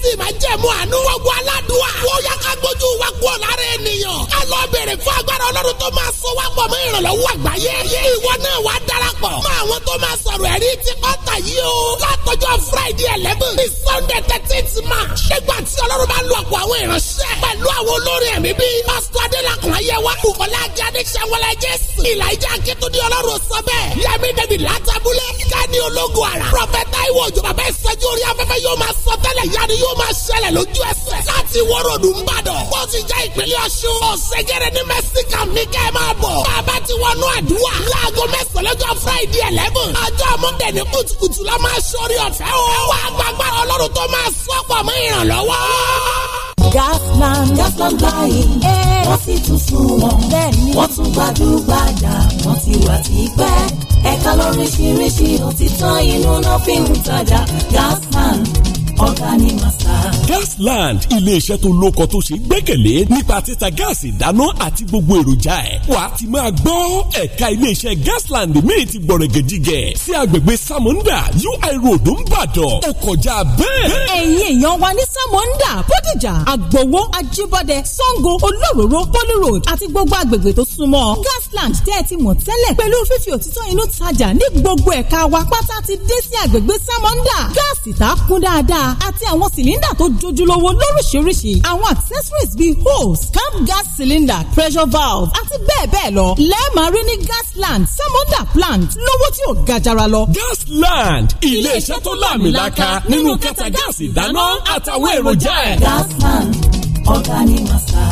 csc máa jẹ́ mú àánú. gbogbo aládùúwà. wọ́n yà ká gbójú wa kú ọ̀lára ènìyàn. ká lọ bèrè fún agbára ọlọ́run tó máa so wá pọ̀ mọ́ ìrànlọ́wọ́ àgbáyé. ìwọ náà wàá darapọ̀. mọ àwọn tó máa sọ̀rọ̀ ẹ̀rí ti pátá yìí o. látọjọ́ friday eleven ní sunday thirteenth march. nígbà tí ọlọ́run bá lu àpò àwọn ìránṣẹ́. pẹ̀lú àwọn olórin ẹ̀mí bíi pásítọ̀ adélakùn ayẹwà. bukola ajé adéṣẹ́wọlẹ́jẹ́sì. ìl Elijah Akitunde Ọlọ́run sọ bẹ́ẹ̀. Yẹmi Dèdè Látàbúlẹ̀. Kání ológo ara. Prọfẹ̀tà Iwo Òjò bàbá ìsẹ́jú orí afẹ́fẹ́ yóò máa sọ tẹ́lẹ̀. Yanni yóò máa ṣẹlẹ̀ lójú ẹsẹ̀. Láti wọ́rọ̀dù ń bàdàn. Ó ti já ìpínlẹ̀ Ọ̀ṣun. Ọ̀sẹ̀gẹ̀rẹ̀ ní Mẹ́síkà ní kẹ́ ẹ máa bọ̀. Bàbá ti wọnú àdúrà. Láago mẹ́sàn-án lọ́jọ́ Friday eleven. Ọjọ́ Monday Gasland Gasland báyìí eh. wọ́n sì tún sùn wọ́n wọ́n tún gbajúgbajà wọ́n ti wà tipẹ́ ẹ̀ka lóríṣiríṣi òtítọ́ inú náà fi ń tajà Gasland Gasland ilé-iṣẹ́ tó lóko tó ṣe gbẹ́kẹ̀lé nípa títa gáàsì ìdáná àti gbogbo èròjà ẹ̀. wà á ti máa gbọ́ ẹ̀ka ilé Gasland míì ti gbọ̀rẹ̀gẹ̀dígẹ̀ sí agbègbè samunda UI road ńbàdàn ó kọjá bẹ́ẹ̀. ẹ̀yin èèyàn wa ní Samonda Bódìjà Àgbòwó Ajíbọ́dẹ Sango Olóròró Poli road àti gbogbo agbègbè tó súnmọ́ Gasland tẹ́ ẹ ti mọ̀ tẹ́lẹ̀ pẹ̀lú fífi òtítọ́ inú tajà ní gbogbo ẹ̀ka wa pátá ti dé sí agbègbè Samonda dáa àti àwọn cylinder tó jojúlówó lóríṣiríṣi àwọn accessories bíi hose camp gas cylinder pressure valve àti bẹ́ẹ̀ bẹ́ẹ̀ lọ lẹ́ẹ̀máa rí ní Gasland Samoda plant lówó tí ò ga jara lọ. Gasland ilé iṣẹ́ tó láàmìlaka nínú kẹta gáàsì ìdáná àtàwọn èròjà ẹ̀. Gasland ọ̀gá ni màsà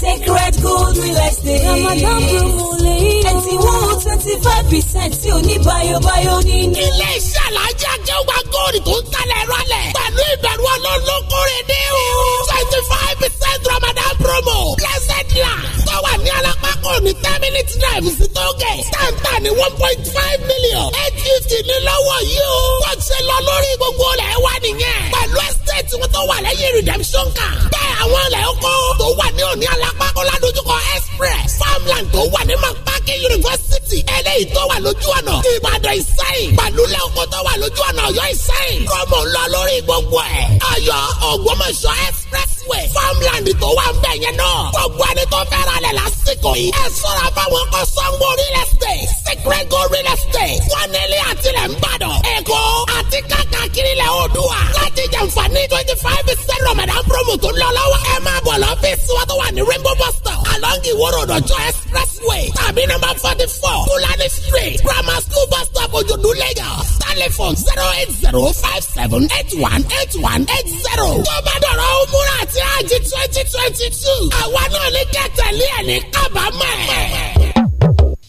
sacred gold real stay. Ramadan promo eighty one twenty five percent tí o ní bayobayo ní. ilé iṣẹ́ alájà jẹ́ wá góòlù tó ń tẹ̀lé rọ́lẹ̀ pẹ̀lú ìbẹ̀rù ọlọ́lọ́kùnrin ní o twenty five percent Ramadan promo blessed land tó wà ní alápákó ní ten minute drive sí tóge tàǹtà ní one point five million eight fifty ní lọ́wọ́ yìí o kò ṣe lọ lórí gbogbo ọ̀lẹ̀ wa nìyẹn pẹ̀lú estate wọn tó wà lẹ́yìn redemption kan bẹ́ẹ̀ àwọn ọ̀lẹ̀ ọkọ̀ tó wà ní òní alápákó ládojúkọ express farmland tó wà ní ma papá. University, eléyìí tó wà lójú ọ̀nà ìbàdàn ìsáyìn pàlúlẹ̀ oko tó wà lójú ọ̀nà ọ̀yọ́ ìsáyìn rọ́mọ̀ ńlọ lórí gbogbo ẹ̀ ọ̀yọ́ ògbómọ̀ṣọ́ expressway farmland tó wà ń bẹ̀ yẹn náà gbogbo ẹni tó fẹ́ ra lẹ̀ lásìkò yìí ẹ sọ̀rọ̀ àbáwọn kan sango real estate segrego real estate wanilé àtìlẹ̀ ńbàdàn èkó àti kákàkiri lẹ̀ odua láti jàǹfààní twenty five percent ramadan promo tó lọ lọ́wọ́ ẹ máa bọ̀ lọ́fíìsì wa tó wà ní rainbow bus stop along iworo ọ̀dọ̀jọ́ expressway tàbí ní number forty four Fulani street grammar school bus stop Ojodu Lagos telephone zero eight zero five seven eight one eight one eight zero. tó bá dọ̀rọ̀ umura àti àjì twenty twenty two àwa náà ní kẹtẹ̀lé ẹ̀ ní kábàámọ̀ ẹ̀.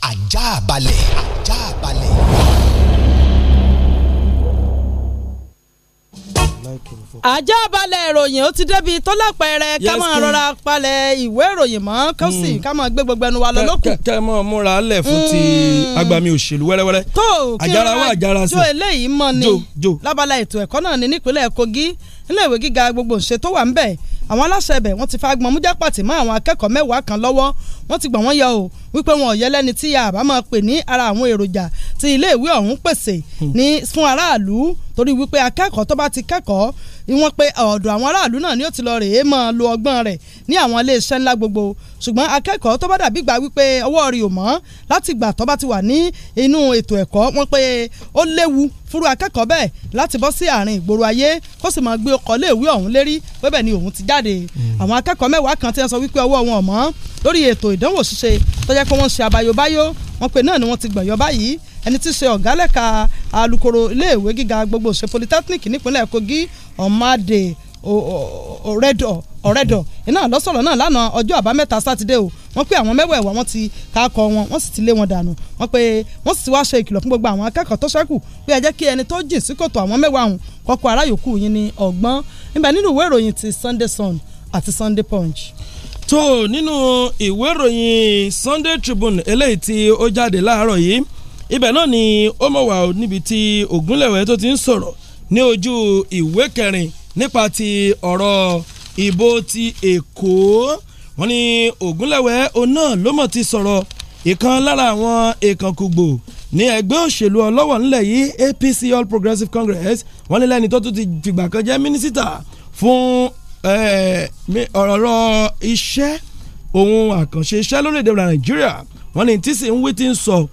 ajá balẹ̀ ajá balẹ̀. àjàbalẹ̀ ìròyìn ó ti débi tó lápẹẹrẹ ká máa rọra palẹ̀ ìwé ìròyìn mọ́ kó sì hmm. ká máa gbé gbogbo ẹnu wa lọ lókun. kẹ mọ múra lẹ̀ fún ti hmm. agbami òṣèlú wẹ́rẹ́wẹ́rẹ́. tó kí n ra jo eléyìí mọ ni lábala ètò ẹ̀kọ́ náà ní nípínlẹ̀ Kogi iléèwé gíga gbogbo ńṣe tó wà ńbẹ̀ àwọn aláṣẹ ibẹ̀ wọ́n ti fa agbọ̀n mú jápàtì mọ́ àwọn akẹ́kọ̀ọ́ mẹ́wàá kan lọ́wọ́ wọ́n ti gbà wọ́n yọ o wípé wọn ò yẹ tí a bá máa pè ní ara àwọn èròjà tí iléèwé ọ̀hún pèsè hmm. ní fún aráàlú torí wípé akẹ́kọ̀ọ́ tó bá ti kẹ́kọ̀ọ́ ìwọ̀n pé ọ̀dọ̀ àwọn aráàlú náà ni ó ti lọ rèé máa lo ọgbọ́n rẹ̀ ní àwọn iléeṣẹ́ ńlá gbogbo ṣùgbọ́n akẹ́kọ̀ọ́ tó bá dàbí gbà wípé ọwọ́ rí o mọ́ láti gbà tó bá ti wà ní inú ètò ẹ̀kọ́ wọn pé ó léwu fúru akẹ́kọ̀ọ́ bẹ́ẹ̀ láti bọ́ sí àárín ìgboro ayé kó sì máa gbé ọkọ̀ léèwé ọ̀hún lérí bẹ́ẹ̀ ni òun ti jáde hmm. àwọn akẹ́kọ̀ọ́ mẹ́wàá kan ti ń sọ wípé ọwọ́ wọn ọ̀mọ́ lórí ètò ìdánwò ṣíṣe tó jẹ́ pé wọ́n ṣe àbáyọbáyọ wọn pe náà ni wọ́n ti gbọ̀yọ́ báyìí ẹni tí í ṣe ọ̀gá lẹ́ka alukoro iléèwé gíga gbogbo ṣe polytechnic nípínlẹ̀ Kogi ọ̀madé ọ̀rẹ́dọ̀ ọ̀rẹ́dọ̀ iná lọ́sọ̀rọ̀ náà lánàá ọjọ́ àbámẹ́ta sátidé o wọ́n pé àwọn mẹ́wẹ̀ẹ̀wá wọ́n ti kákọ wọn wọ́n sì ti lé wọn dànù wọ́n pé wọ́n sì ti wá ṣe ìkìlọ̀ fún gbogbo àwọn akẹ́kọ̀ọ́ tó ṣẹ́kù pé ẹ jẹ́ kí ẹni tó jìn sí kòtò àwọn mẹ́wàá ọ̀hún kọ́kọ́ aráyòkú yìí ní ọ̀gbọ́n níbẹ̀ nínú ìwé ìròyìn ti Sunday Sun àti Sunday Punch tó nínú ìwé ìròyìn Sunday Tribune eléyìí tí ó jáde láàárọ̀ yìí ibẹ̀ náà ni ó mọ̀ wà níbi tí Ògúnlẹ̀wẹ̀ tó ti ń sọ̀rọ̀ ní ojú ìwé kẹrin nípa ti ọ̀rọ̀ ìbò ti Èkó wọ́n ní Ògúnlẹ̀wẹ̀ oná ló mọ̀ ti sọ̀rọ̀ ìkan lára àwọn èkánkugbò ní ẹgbẹ́ òṣèlú ọlọ́wọ̀ ńlẹ̀ yìí APC All Progressives Congress wọ́n ní lẹ́ni tó tún ti fìgbà kan jẹ́ mínísítà fún ọ̀rọ̀ iṣẹ́ ohun àkànṣe iṣẹ́ lórílẹ̀‐èdè Nàìjíríà wọ́n ní tí sì ń wí ti ń sọ